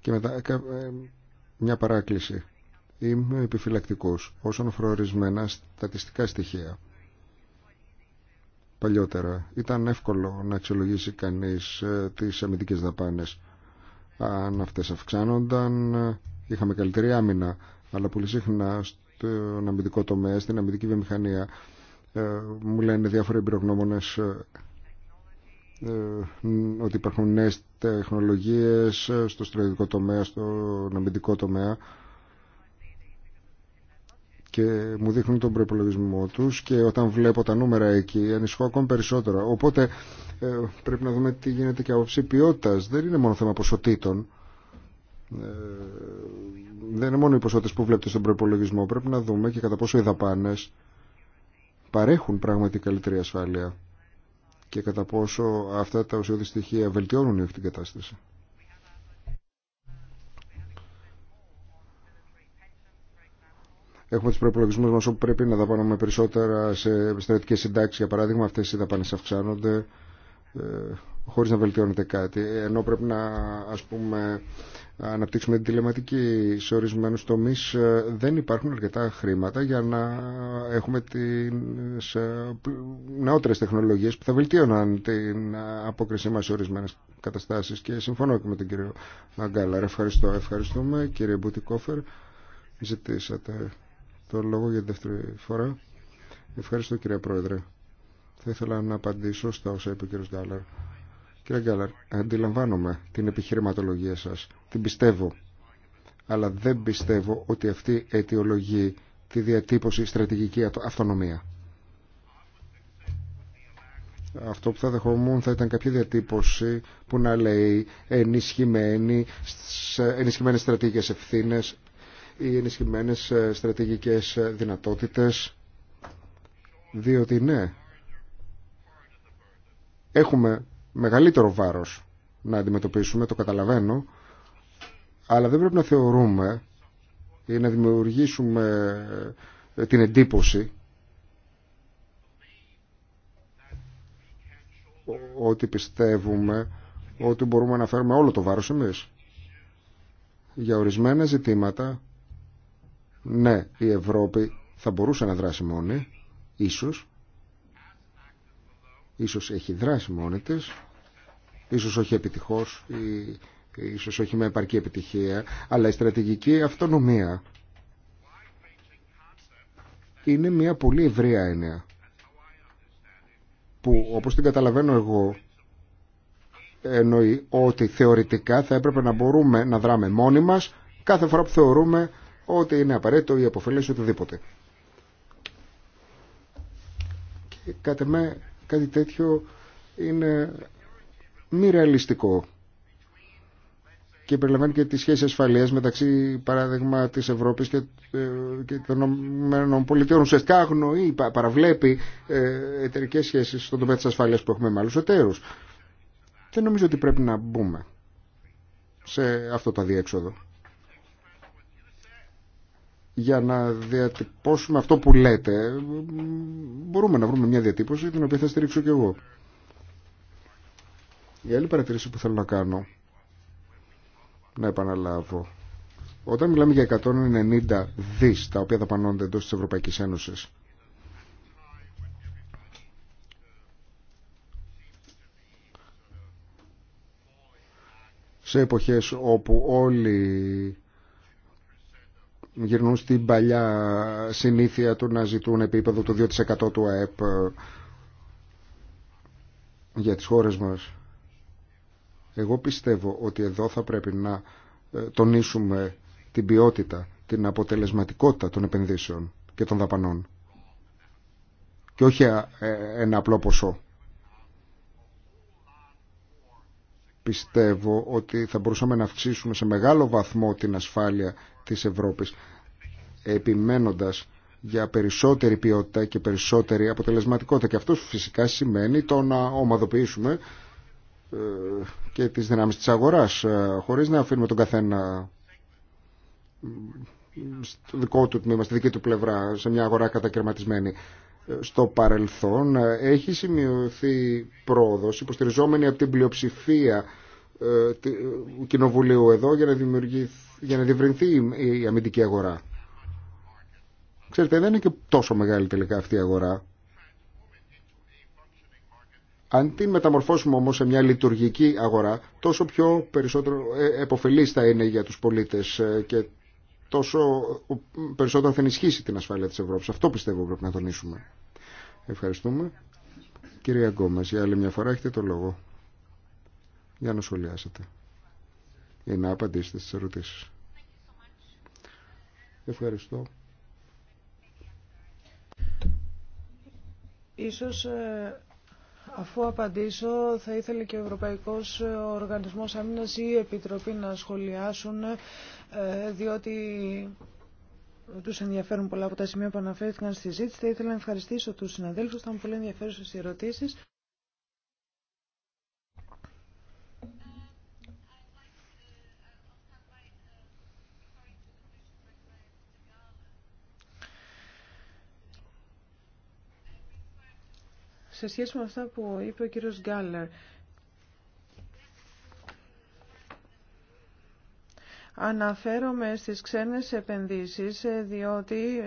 Και μετά ε, ε, μια παράκληση. Είμαι επιφυλακτικός όσον αφορά ορισμένα στατιστικά στοιχεία. Παλιότερα ήταν εύκολο να αξιολογήσει κανείς ε, τις αμυντικές δαπάνες. Αν αυτές αυξάνονταν, είχαμε καλύτερη άμυνα, αλλά πολύ συχνά στον αμυντικό τομέα, στην αμυντική βιομηχανία. Ε, μου λένε διάφοροι εμπειρογνώμονες ε, ε, ότι υπάρχουν νέες τεχνολογίες στο στρατιωτικό τομέα, στον αμυντικό τομέα και μου δείχνουν τον προπολογισμό τους και όταν βλέπω τα νούμερα εκεί ανησυχώ ακόμη περισσότερο. Οπότε πρέπει να δούμε τι γίνεται και απόψη ποιότητα. Δεν είναι μόνο θέμα ποσοτήτων. Ε, δεν είναι μόνο οι ποσότητες που βλέπετε στον προπολογισμό. Πρέπει να δούμε και κατά πόσο οι δαπανε παρέχουν πράγματι καλύτερη ασφάλεια και κατά πόσο αυτά τα ουσιώδη στοιχεία βελτιώνουν ή την κατάσταση. Έχουμε του προπολογισμού μα όπου πρέπει να δαπανούμε περισσότερα σε στρατιωτικέ συντάξει. Για παράδειγμα, αυτέ οι δαπάνε αυξάνονται. Ε, χωρίς να βελτιώνεται κάτι. Ενώ πρέπει να, ας πούμε, αναπτύξουμε την τηλεματική. Σε ορισμένους τομείς ε, δεν υπάρχουν αρκετά χρήματα για να έχουμε τις ε, νεότερες τεχνολογίες που θα βελτίωναν την απόκρισή μας σε ορισμένες καταστάσεις. Και συμφωνώ και με τον κύριο Αγκάλαρ. Ευχαριστώ. Ευχαριστούμε κύριε Κόφερ, Ζητήσατε το λόγο για τη δεύτερη φορά. Ευχαριστώ κύριε Πρόεδρε. Θα ήθελα να απαντήσω στα όσα είπε ο κύριος Γκάλαρ. Κύριε Γκάλαρ, αντιλαμβάνομαι την επιχειρηματολογία σας, την πιστεύω, αλλά δεν πιστεύω ότι αυτή αιτιολογεί τη διατύπωση στρατηγική αυτονομία. Αυτό που θα δεχόμουν θα ήταν κάποια διατύπωση που να λέει ενισχυμένες στρατηγικές ευθύνες ή ενισχυμένες ε, στρατηγικές ε, δυνατότητες, διότι ναι, έχουμε μεγαλύτερο βάρος να αντιμετωπίσουμε, το καταλαβαίνω, αλλά δεν πρέπει να θεωρούμε ή να δημιουργήσουμε ε, την εντύπωση ότι πιστεύουμε ότι μπορούμε να φέρουμε όλο το βάρος εμείς. Για ορισμένα ζητήματα, ναι, η Ευρώπη θα μπορούσε να δράσει μόνη, ίσως, ίσως έχει δράσει μόνη της, ίσως όχι επιτυχώς ή ίσως όχι με επαρκή επιτυχία, αλλά η στρατηγική αυτονομία είναι μια πολύ ευρεία έννοια που όπως την καταλαβαίνω εγώ εννοεί ότι θεωρητικά θα έπρεπε να μπορούμε να δράμε μόνοι μας κάθε φορά που θεωρούμε ότι είναι απαραίτητο ή αποφελές οτιδήποτε. Και κατά με κάτι τέτοιο που θεωρουμε οτι ειναι απαραιτητο η αποφελες οτιδηποτε και κατα κατι τετοιο ειναι μη ρεαλιστικό και περιλαμβάνει και τις σχέσεις ασφαλείας μεταξύ παράδειγμα της Ευρώπης και, ε, και των ΗΠΑ. Ουσιαστικά παραβλέπει ε, εταιρικές σχέσεις στον τομέα της ασφαλείας που έχουμε με άλλους εταίρους. Δεν νομίζω ότι πρέπει να μπούμε σε αυτό το διέξοδο. Για να διατυπώσουμε αυτό που λέτε, μπορούμε να βρούμε μια διατύπωση την οποία θα στηρίξω και εγώ. Η άλλη παρατηρήση που θέλω να κάνω, να επαναλάβω, όταν μιλάμε για 190 δις τα οποία δαπανώνται εντός της Ευρωπαϊκής Ένωσης, σε εποχές όπου όλοι γυρνούν στην παλιά συνήθεια του να ζητούν επίπεδο του 2% του ΑΕΠ ε, για τις χώρες μας. Εγώ πιστεύω ότι εδώ θα πρέπει να ε, τονίσουμε την ποιότητα, την αποτελεσματικότητα των επενδύσεων και των δαπανών. Και όχι ε, ένα απλό ποσό. Πιστεύω ότι θα μπορούσαμε να αυξήσουμε σε μεγάλο βαθμό την ασφάλεια της Ευρώπης, επιμένοντας για περισσότερη ποιότητα και περισσότερη αποτελεσματικότητα. Και αυτό φυσικά σημαίνει το να ομαδοποιήσουμε ε, και τις δυνάμεις της αγοράς ε, χωρίς να αφήνουμε τον καθένα στο δικό του τμήμα, στη δική του πλευρά σε μια αγορά κατακαιρματισμένη ε, στο παρελθόν έχει σημειωθεί πρόοδος υποστηριζόμενη από την πλειοψηφία του Κοινοβουλίου εδώ για να, για να διευρυνθεί η αμυντική αγορά. Ξέρετε, δεν είναι και τόσο μεγάλη τελικά αυτή η αγορά. Αν την μεταμορφώσουμε όμως σε μια λειτουργική αγορά, τόσο πιο περισσότερο ε, εποφελής θα είναι για τους πολίτες ε, και τόσο περισσότερο θα ενισχύσει την ασφάλεια της Ευρώπης. Αυτό πιστεύω πρέπει να τονίσουμε. Ευχαριστούμε. Κυρία Γκόμες, για άλλη μια φορά έχετε το λόγο για να σχολιάσετε ή να απαντήσετε στις ερωτήσεις. Ευχαριστώ. Ίσως ε, Αφού απαντήσω, θα ήθελε και ο Ευρωπαϊκός Οργανισμός Άμυνας ή η Επιτροπή να σχολιάσουν, ε, διότι τους ενδιαφέρουν πολλά από τα σημεία που αναφέρθηκαν στη ζήτηση. Θα ήθελα να ευχαριστήσω τους συναδέλφους, μου πολύ ενδιαφέρουσες οι ερωτήσεις. σε σχέση με αυτά που είπε ο κύριος Γκάλλαρ. Αναφέρομαι στις ξένες επενδύσεις, ε, διότι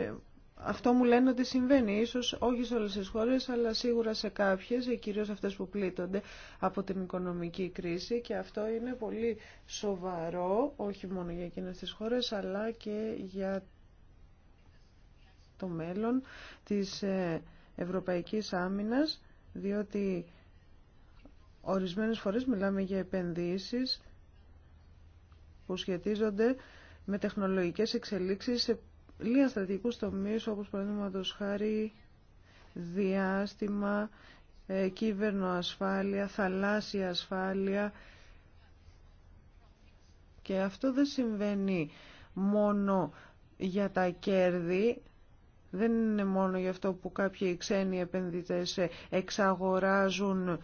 αυτό μου λένε ότι συμβαίνει. Ίσως όχι σε όλες τις χώρες, αλλά σίγουρα σε κάποιες, ε, κυρίως αυτές που πλήττονται από την οικονομική κρίση. Και αυτό είναι πολύ σοβαρό, όχι μόνο για εκείνες τις χώρες, αλλά και για το μέλλον της ε, ευρωπαϊκής άμυνας, διότι ορισμένες φορές μιλάμε για επενδύσεις που σχετίζονται με τεχνολογικές εξελίξεις σε λίγα στρατηγικούς τομείς, όπως παραδείγματος χάρη διάστημα, ε, ασφάλεια, θαλάσσια ασφάλεια και αυτό δεν συμβαίνει μόνο για τα κέρδη δεν είναι μόνο γι' αυτό που κάποιοι ξένοι επενδυτές εξαγοράζουν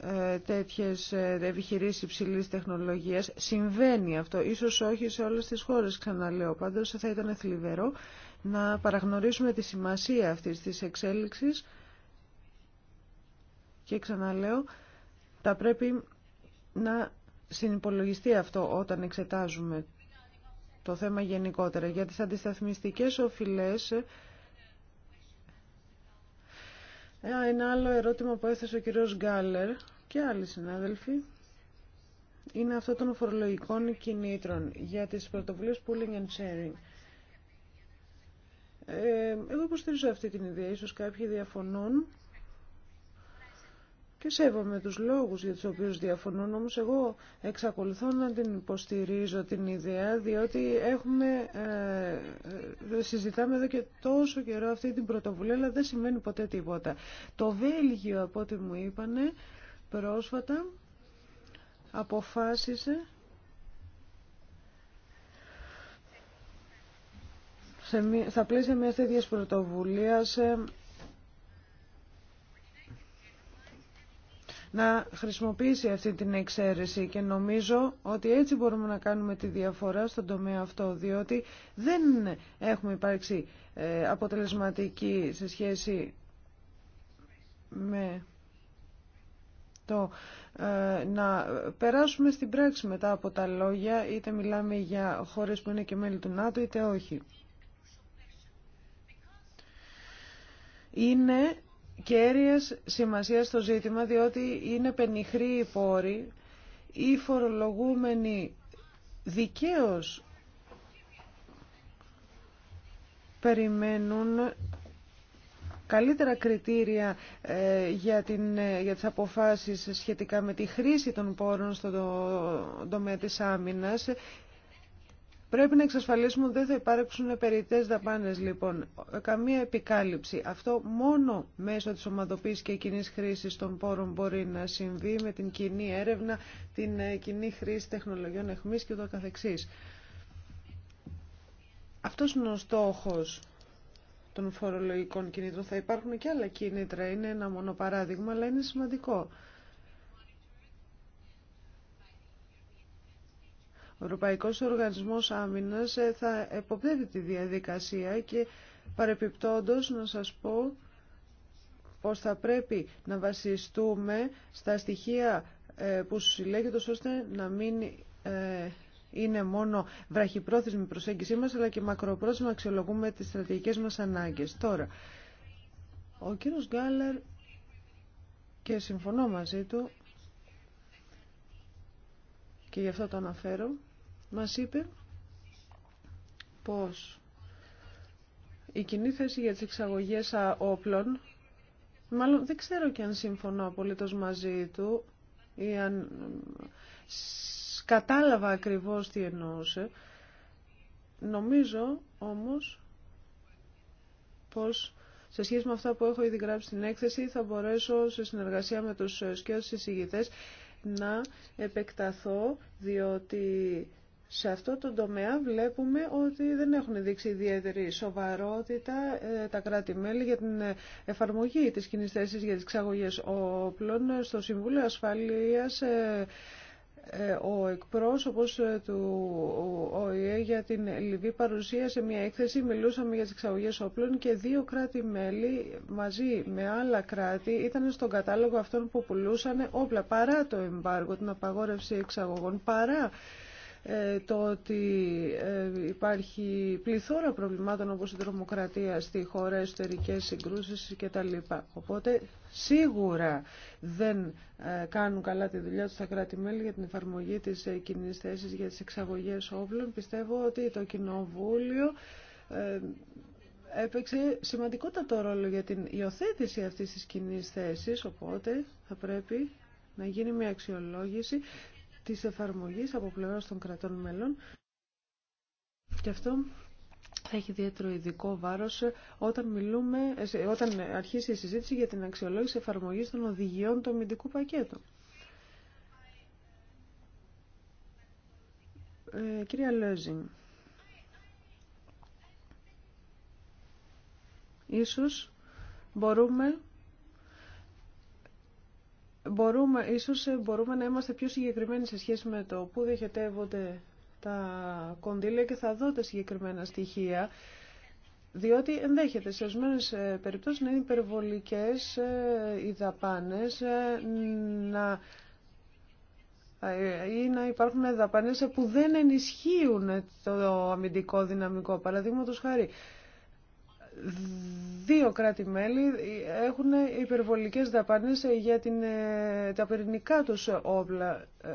ε, τέτοιες ε, επιχειρήσεις υψηλής τεχνολογίας. Συμβαίνει αυτό, ίσως όχι σε όλες τις χώρες, ξαναλέω. Πάντως θα ήταν θλιβερό να παραγνωρίσουμε τη σημασία αυτής της εξέλιξης και ξαναλέω, θα πρέπει να συνυπολογιστεί αυτό όταν εξετάζουμε το θέμα γενικότερα. Για τις αντισταθμιστικές οφειλές ε, ένα άλλο ερώτημα που έθεσε ο κύριος Γκάλερ και άλλοι συνάδελφοι είναι αυτό των φορολογικών κινήτρων για τις πρωτοβουλίες pooling and sharing. Ε, εγώ υποστηρίζω αυτή την ιδέα, ίσως κάποιοι διαφωνούν και σέβομαι τους λόγους για τους οποίους διαφωνούν, όμως εγώ εξακολουθώ να την υποστηρίζω την ιδέα, διότι έχουμε, ε, ε, συζητάμε εδώ και τόσο καιρό αυτή την πρωτοβουλία, αλλά δεν σημαίνει ποτέ τίποτα. Το Βέλγιο, από ό,τι μου είπανε, πρόσφατα αποφάσισε σε, στα πλαίσια μιας τέτοιας πρωτοβουλίας ε, να χρησιμοποιήσει αυτή την εξαίρεση και νομίζω ότι έτσι μπορούμε να κάνουμε τη διαφορά στον τομέα αυτό διότι δεν έχουμε υπάρξει ε, αποτελεσματική σε σχέση με το ε, να περάσουμε στην πράξη μετά από τα λόγια είτε μιλάμε για χώρες που είναι και μέλη του ΝΑΤΟ είτε όχι. Είναι κέρυες σημασία στο ζήτημα διότι είναι πενιχροί οι πόροι ή φορολογούμενοι δικαίως περιμένουν καλύτερα κριτήρια ε, για, την, ε, για τις αποφάσεις σχετικά με τη χρήση των πόρων στον τομέα της άμυνας Πρέπει να εξασφαλίσουμε ότι δεν θα υπάρξουν περιττές δαπάνες λοιπόν, καμία επικάλυψη. Αυτό μόνο μέσω της ομαδοποίησης και κοινή χρήση των πόρων μπορεί να συμβεί με την κοινή έρευνα, την ε, κοινή χρήση τεχνολογιών εχμής και ούτω καθεξής. Αυτός είναι ο στόχος των φορολογικών κινήτρων. Θα υπάρχουν και άλλα κίνητρα, είναι ένα μόνο παράδειγμα, αλλά είναι σημαντικό. Ο Ευρωπαϊκός Οργανισμός Άμυνας ε, θα εποπτεύει τη διαδικασία και παρεπιπτόντος να σας πω πως θα πρέπει να βασιστούμε στα στοιχεία ε, που συλλέγεται ώστε να μην ε, είναι μόνο βραχυπρόθεσμη προσέγγιση μας αλλά και μακροπρόθεσμα αξιολογούμε τις στρατηγικές μας ανάγκες. Τώρα, ο κύριος Γκάλερ και συμφωνώ μαζί του και γι' αυτό το αναφέρω μας είπε πως η κοινή θέση για τις εξαγωγές όπλων, μάλλον δεν ξέρω και αν συμφωνώ απολύτως μαζί του ή αν κατάλαβα ακριβώς τι εννοούσε. Νομίζω όμως πως σε σχέση με αυτά που έχω ήδη γράψει στην έκθεση θα μπορέσω σε συνεργασία με τους σκιώδους συζητητές να επεκταθώ διότι σε αυτό το τομέα βλέπουμε ότι δεν έχουν δείξει ιδιαίτερη σοβαρότητα ε, τα κράτη-μέλη για την εφαρμογή της κοινή θέση για τις εξαγωγές όπλων. Στο Συμβούλιο Ασφαλείας ε, ε, ο εκπρόσωπος του ΟΗΕ για την Λιβύη παρουσίασε μια έκθεση, μιλούσαμε για τις εξαγωγές όπλων και δύο κράτη-μέλη μαζί με άλλα κράτη ήταν στον κατάλογο αυτών που πουλούσαν όπλα παρά το εμπάργο, την απαγόρευση εξαγωγών, παρά ε, το ότι ε, υπάρχει πληθώρα προβλημάτων όπως η τρομοκρατία στη χώρα, εσωτερικές συγκρούσεις κτλ. Οπότε σίγουρα δεν ε, κάνουν καλά τη δουλειά τους τα κράτη-μέλη για την εφαρμογή της κοινή θέση για τις εξαγωγές όπλων. Πιστεύω ότι το Κοινοβούλιο έπαιξε σημαντικότατο ρόλο για την υιοθέτηση αυτής της κοινή θέση, οπότε θα πρέπει να γίνει μια αξιολόγηση της εφαρμογής από πλευράς των κρατών μελών και αυτό θα έχει ιδιαίτερο ειδικό βάρος όταν, μιλούμε, όταν αρχίσει η συζήτηση για την αξιολόγηση εφαρμογής των οδηγιών του αμυντικού πακέτου. Ε, κυρία Λέζιν, ίσως μπορούμε μπορούμε, ίσως ε, μπορούμε να είμαστε πιο συγκεκριμένοι σε σχέση με το πού διοχετεύονται τα κονδύλια και θα δω τα συγκεκριμένα στοιχεία διότι ενδέχεται σε ορισμένε ε, περιπτώσεις να είναι υπερβολικές ε, οι δαπάνες να... ή να υπάρχουν δαπάνες που δεν ενισχύουν το αμυντικό δυναμικό. Παραδείγματος χάρη, δύο κράτη-μέλη έχουν υπερβολικές δαπάνες για την, ε, τα πυρηνικά τους όπλα. Ε,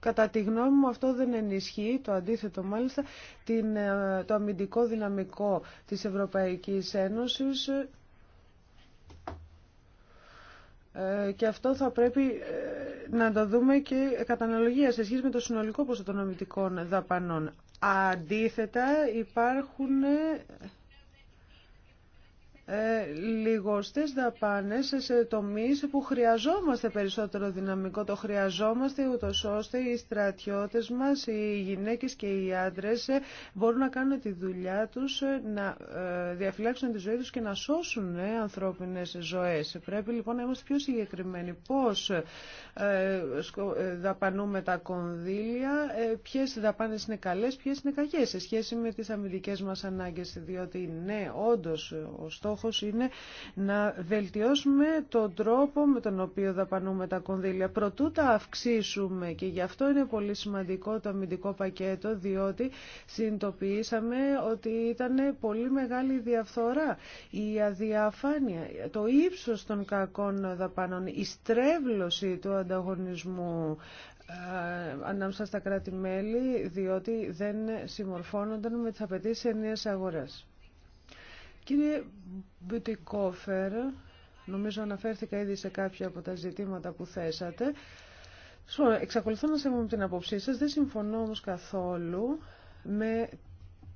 κατά τη γνώμη μου αυτό δεν ενισχύει, το αντίθετο μάλιστα, την, ε, το αμυντικό δυναμικό της Ευρωπαϊκής Ένωσης και αυτό θα πρέπει να το δούμε και κατά αναλογία σε σχέση με το συνολικό ποσό των αμυντικών δαπανών. Αντίθετα υπάρχουν ε, λιγοστές δαπάνες σε τομείς που χρειαζόμαστε περισσότερο δυναμικό. Το χρειαζόμαστε ούτω ώστε οι στρατιώτες μας, οι γυναίκες και οι άντρες ε, μπορούν να κάνουν τη δουλειά τους, ε, να διαφυλάξουν τη ζωή τους και να σώσουν ανθρώπινες ζωές. Πρέπει λοιπόν να είμαστε πιο συγκεκριμένοι. Πώς δαπανούμε τα κονδύλια, ποιες δαπάνες είναι καλές, ποιες είναι κακές σε σχέση με τις αμυντικές μας ανάγκες, διότι ναι, στόχος είναι να βελτιώσουμε τον τρόπο με τον οποίο δαπανούμε τα κονδύλια. Προτού τα αυξήσουμε και γι' αυτό είναι πολύ σημαντικό το αμυντικό πακέτο, διότι συνειδητοποιήσαμε ότι ήταν πολύ μεγάλη διαφθορά. Η αδιαφάνεια, το ύψος των κακών δαπανών, η στρέβλωση του ανταγωνισμού ε, ανάμεσα στα κράτη-μέλη, διότι δεν συμμορφώνονταν με τις απαιτήσεις ενίας αγοράς. Κύριε Μπιτικόφερ, νομίζω αναφέρθηκα ήδη σε κάποια από τα ζητήματα που θέσατε. Εξακολουθώ να σέβομαι την απόψή σας, δεν συμφωνώ όμως καθόλου με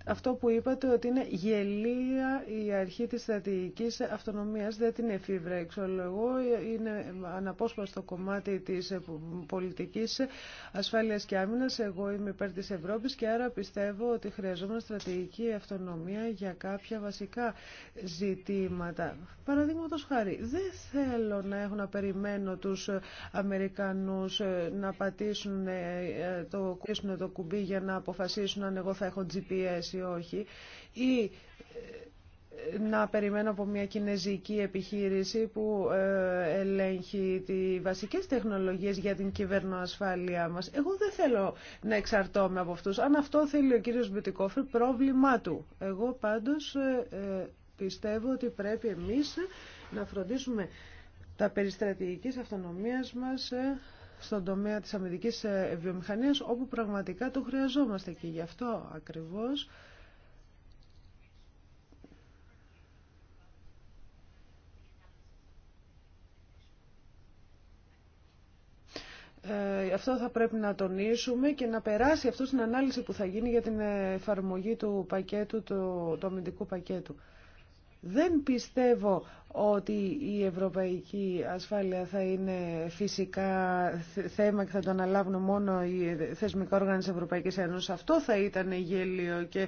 αυτό που είπατε ότι είναι γελία η αρχή της στρατηγικής αυτονομίας, δεν την εφήβρα εξολογώ, είναι αναπόσπαστο κομμάτι της πολιτικής ασφάλειας και άμυνας. Εγώ είμαι υπέρ της Ευρώπης και άρα πιστεύω ότι χρειαζόμαστε στρατηγική αυτονομία για κάποια βασικά ζητήματα. Παραδείγματο χάρη, δεν θέλω να έχω να περιμένω τους Αμερικανούς να πατήσουν το, το κουμπί για να αποφασίσουν αν εγώ θα έχω GPS ή όχι ή ε, να περιμένω από μια κινέζικη επιχείρηση που ε, ελέγχει τι βασικές τεχνολογίες για την κυβερνοασφάλειά μας. Εγώ δεν θέλω να εξαρτώμαι από αυτούς. Αν αυτό θέλει ο κύριος Μπιουτικόφρη, πρόβλημά του. Εγώ πάντως ε, πιστεύω ότι πρέπει εμείς να φροντίσουμε τα περιστρατηγικής αυτονομίας μας στον τομέα της αμυντικής ε, βιομηχανίας όπου πραγματικά το χρειαζόμαστε και γι' αυτό ακριβώς ε, αυτό θα πρέπει να τονίσουμε και να περάσει αυτό στην ανάλυση που θα γίνει για την εφαρμογή του πακέτου, του, του αμυντικού πακέτου. Δεν πιστεύω ότι η ευρωπαϊκή ασφάλεια θα είναι φυσικά θέμα και θα το αναλάβουν μόνο οι θεσμικά όργανα της Ευρωπαϊκής Ένωσης. Αυτό θα ήταν γέλιο και ε,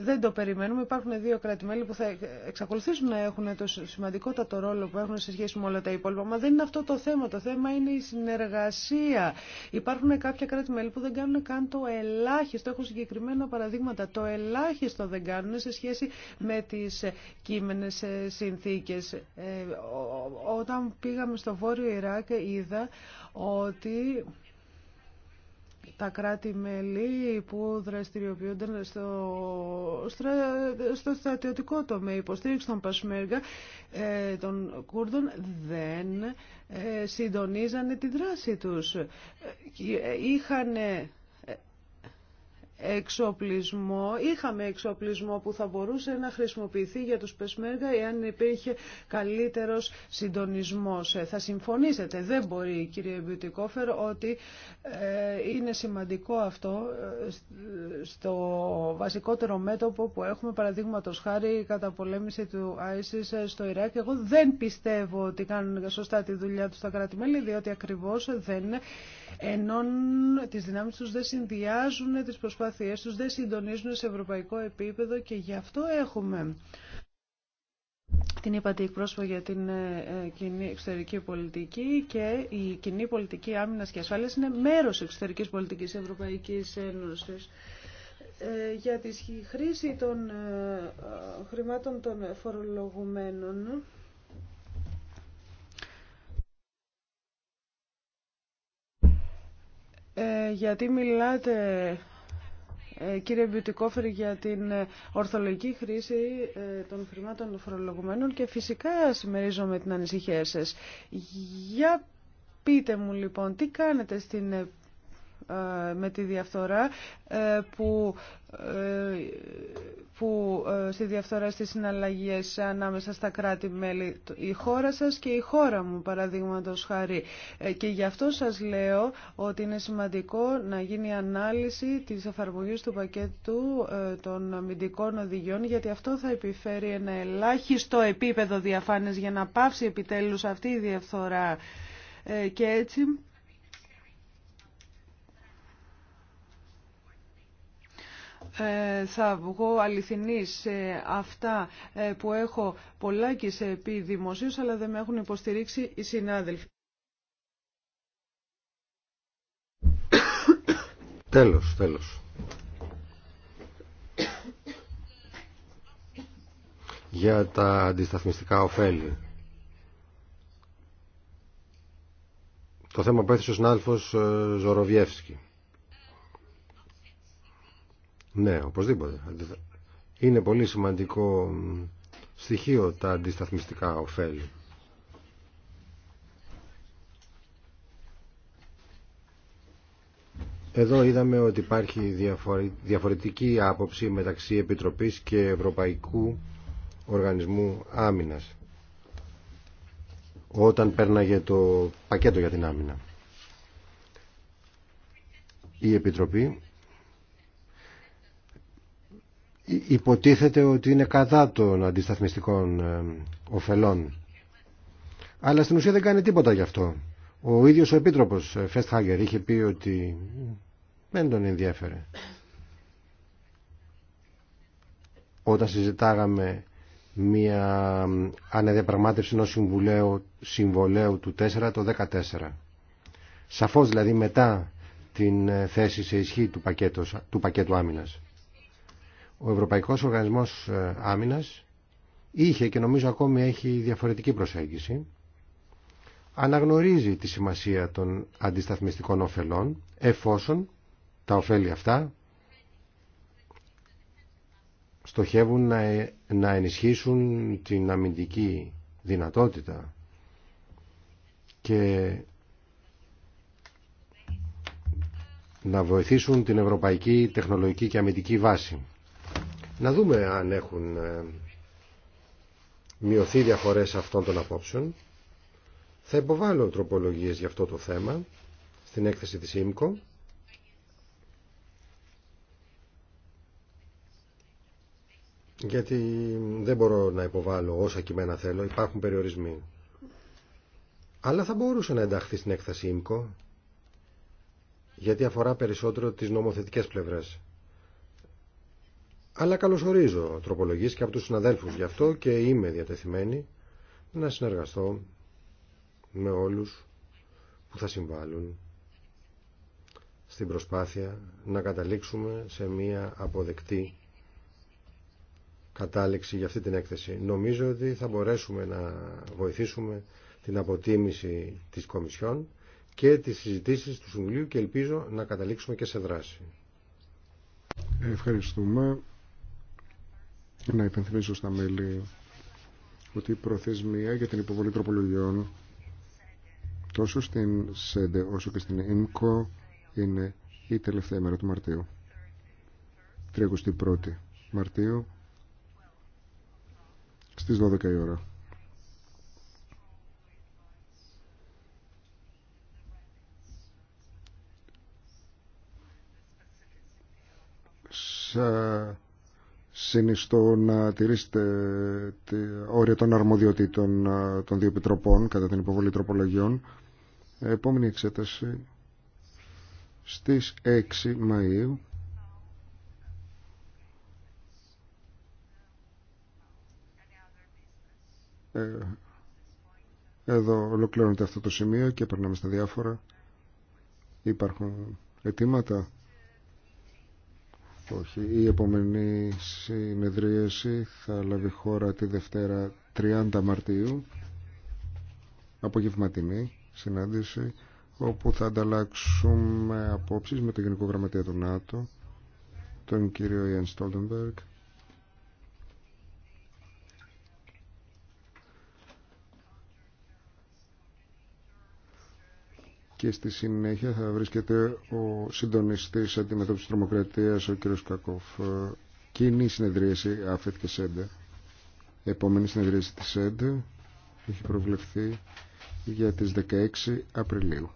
δεν το περιμένουμε. Υπάρχουν δύο κράτη-μέλη που θα ε, εξακολουθήσουν να έχουν το σημαντικότατο ρόλο που έχουν σε σχέση με όλα τα υπόλοιπα. Μα δεν είναι αυτό το θέμα. Το θέμα είναι η συνεργασία. Υπάρχουν κάποια κράτη-μέλη που δεν κάνουν καν το ελάχιστο. Έχω συγκεκριμένα παραδείγματα. Το ελάχιστο δεν κάνουν σε σχέση με τις ε, κείμενες συνθήκες ε, όταν πήγαμε στο Βόρειο Ιράκ είδα ότι τα κράτη-μέλη που δραστηριοποιούνταν στο, στο στρατιωτικό τομέα υποστήριξη των Πασμέργα ε, των Κούρδων δεν ε, συντονίζανε τη δράση τους. Ε, Είχαν εξοπλισμό. Είχαμε εξοπλισμό που θα μπορούσε να χρησιμοποιηθεί για τους Πεσμέργα εάν υπήρχε καλύτερος συντονισμός. Ε, θα συμφωνήσετε, δεν μπορεί κύριε Μπιουτικόφερ, ότι ε, είναι σημαντικό αυτό ε, στο βασικότερο μέτωπο που έχουμε παραδείγματο χάρη η καταπολέμηση του ISIS στο Ιράκ. Εγώ δεν πιστεύω ότι κάνουν σωστά τη δουλειά τους στα κράτη-μέλη, διότι ακριβώς δεν ενώνουν τις δυνάμεις τους, δεν συνδυάζουν τις προσπάθειες προσπάθειές τους δεν συντονίζουν σε ευρωπαϊκό επίπεδο και γι' αυτό έχουμε την είπατε εκπρόσωπο για την ε, ε, κοινή εξωτερική πολιτική και η κοινή πολιτική άμυνας και ασφάλειας είναι μέρος εξωτερικής πολιτικής Ευρωπαϊκής Ένωσης ε, για τη χρήση των χρημάτων των φορολογουμένων γιατί μιλάτε ε, κύριε Μπιουτικόφερ για την ε, ορθολογική χρήση ε, των χρημάτων των φορολογουμένων και φυσικά συμμερίζομαι την ανησυχία σας. Για πείτε μου λοιπόν τι κάνετε στην ε, με τη διαφθορά ε, που ε, που στη διαφθορά στις συναλλαγές ανάμεσα στα κράτη-μέλη η χώρα σας και η χώρα μου παραδείγματος χάρη και γι' αυτό σας λέω ότι είναι σημαντικό να γίνει ανάλυση της εφαρμογής του πακέτου των αμυντικών οδηγιών γιατί αυτό θα επιφέρει ένα ελάχιστο επίπεδο διαφάνειας για να πάψει επιτέλους αυτή η διαφθορά και έτσι Ε, θα βγω αληθινής σε αυτά ε, που έχω πολλά σε επί δημοσίως, αλλά δεν με έχουν υποστηρίξει οι συνάδελφοι. Τέλος, τέλος. Για τα αντισταθμιστικά ωφέλη. Το θέμα που ο συνάδελφος ε, Ζωροβιεύσκη. Ναι, οπωσδήποτε. Είναι πολύ σημαντικό στοιχείο τα αντισταθμιστικά ωφέλη. Εδώ είδαμε ότι υπάρχει διαφορετική άποψη μεταξύ Επιτροπής και Ευρωπαϊκού Οργανισμού Άμυνας όταν πέρναγε το πακέτο για την άμυνα. Η Επιτροπή υποτίθεται ότι είναι κατά των αντισταθμιστικών ε, ωφελών. Αλλά στην ουσία δεν κάνει τίποτα γι' αυτό. Ο ίδιος ο Επίτροπος ε, Φεστχάγκερ είχε πει ότι δεν τον ενδιαφέρε. Όταν συζητάγαμε μια ανεδιαπραγμάτευση ενός συμβουλαίου, συμβολέου του 4 το 14. Σαφώς δηλαδή μετά την ε, θέση σε ισχύ του, του πακέτου άμυνας. Ο Ευρωπαϊκός Οργανισμός ε, Άμυνας είχε και νομίζω ακόμη έχει διαφορετική προσέγγιση. Αναγνωρίζει τη σημασία των αντισταθμιστικών ωφελών εφόσον τα ωφέλη αυτά στοχεύουν να, ε, να ενισχύσουν την αμυντική δυνατότητα και να βοηθήσουν την ευρωπαϊκή τεχνολογική και αμυντική βάση. Να δούμε αν έχουν ε, μειωθεί διαφορές αυτών των απόψεων. Θα υποβάλω τροπολογίες για αυτό το θέμα στην έκθεση της ΙΜΚΟ. γιατί δεν μπορώ να υποβάλω όσα κειμένα θέλω, υπάρχουν περιορισμοί. Αλλά θα μπορούσε να ενταχθεί στην έκθεση ΙΜΚΟ, γιατί αφορά περισσότερο τις νομοθετικές πλευρές. Αλλά καλωσορίζω τροπολογίες και από τους συναδέλφους γι' αυτό και είμαι διατεθειμένη να συνεργαστώ με όλους που θα συμβάλλουν στην προσπάθεια να καταλήξουμε σε μία αποδεκτή κατάληξη για αυτή την έκθεση. Νομίζω ότι θα μπορέσουμε να βοηθήσουμε την αποτίμηση της Κομισιόν και τις συζητήσεις του Συμβουλίου και ελπίζω να καταλήξουμε και σε δράση. Ευχαριστούμε. Να υπενθυμίσω στα μέλη ότι η προθεσμία για την υποβολή τροπολογιών τόσο στην ΣΕΝΤΕ όσο και στην ΕΜΚΟ είναι η τελευταία ημέρα του Μαρτίου. 31η Μαρτίου στις 12 η ώρα. Σε συνιστώ να τηρήσετε τη όρια των αρμοδιοτήτων των δύο επιτροπών κατά την υποβολή τροπολογιών. Επόμενη εξέταση στις 6 Μαΐου. Ε, εδώ ολοκληρώνεται αυτό το σημείο και περνάμε στα διάφορα. Υπάρχουν αιτήματα. Όχι. Η επόμενη συνεδρίαση θα λάβει χώρα τη Δευτέρα 30 Μαρτίου, απογευματινή συνάντηση, όπου θα ανταλλάξουμε απόψεις με τον Γενικό Γραμματέα του ΝΑΤΟ, τον κύριο Ιαν Στόλτεμπεργκ, και στη συνέχεια θα βρίσκεται ο συντονιστής αντιμετώπισης τρομοκρατίας, ο κ. Κακόφ. Κοινή συνεδρίαση ΑΦΕΤ και ΣΕΝΤΕ. Επόμενη συνεδρίαση της ΣΕΝΤΕ έχει προβλεφθεί για τις 16 Απριλίου.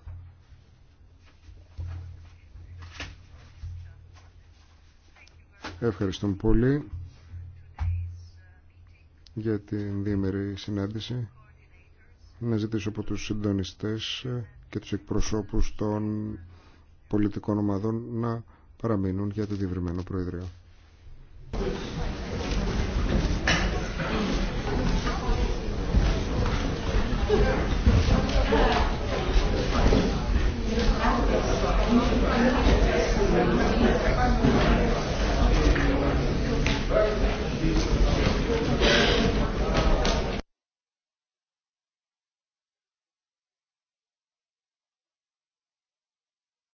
Ευχαριστούμε πολύ για την διήμερη συνάντηση. Να ζητήσω από τους συντονιστές και τους εκπροσώπους των πολιτικών ομάδων να παραμείνουν για το διευρυμένο Προεδρείο.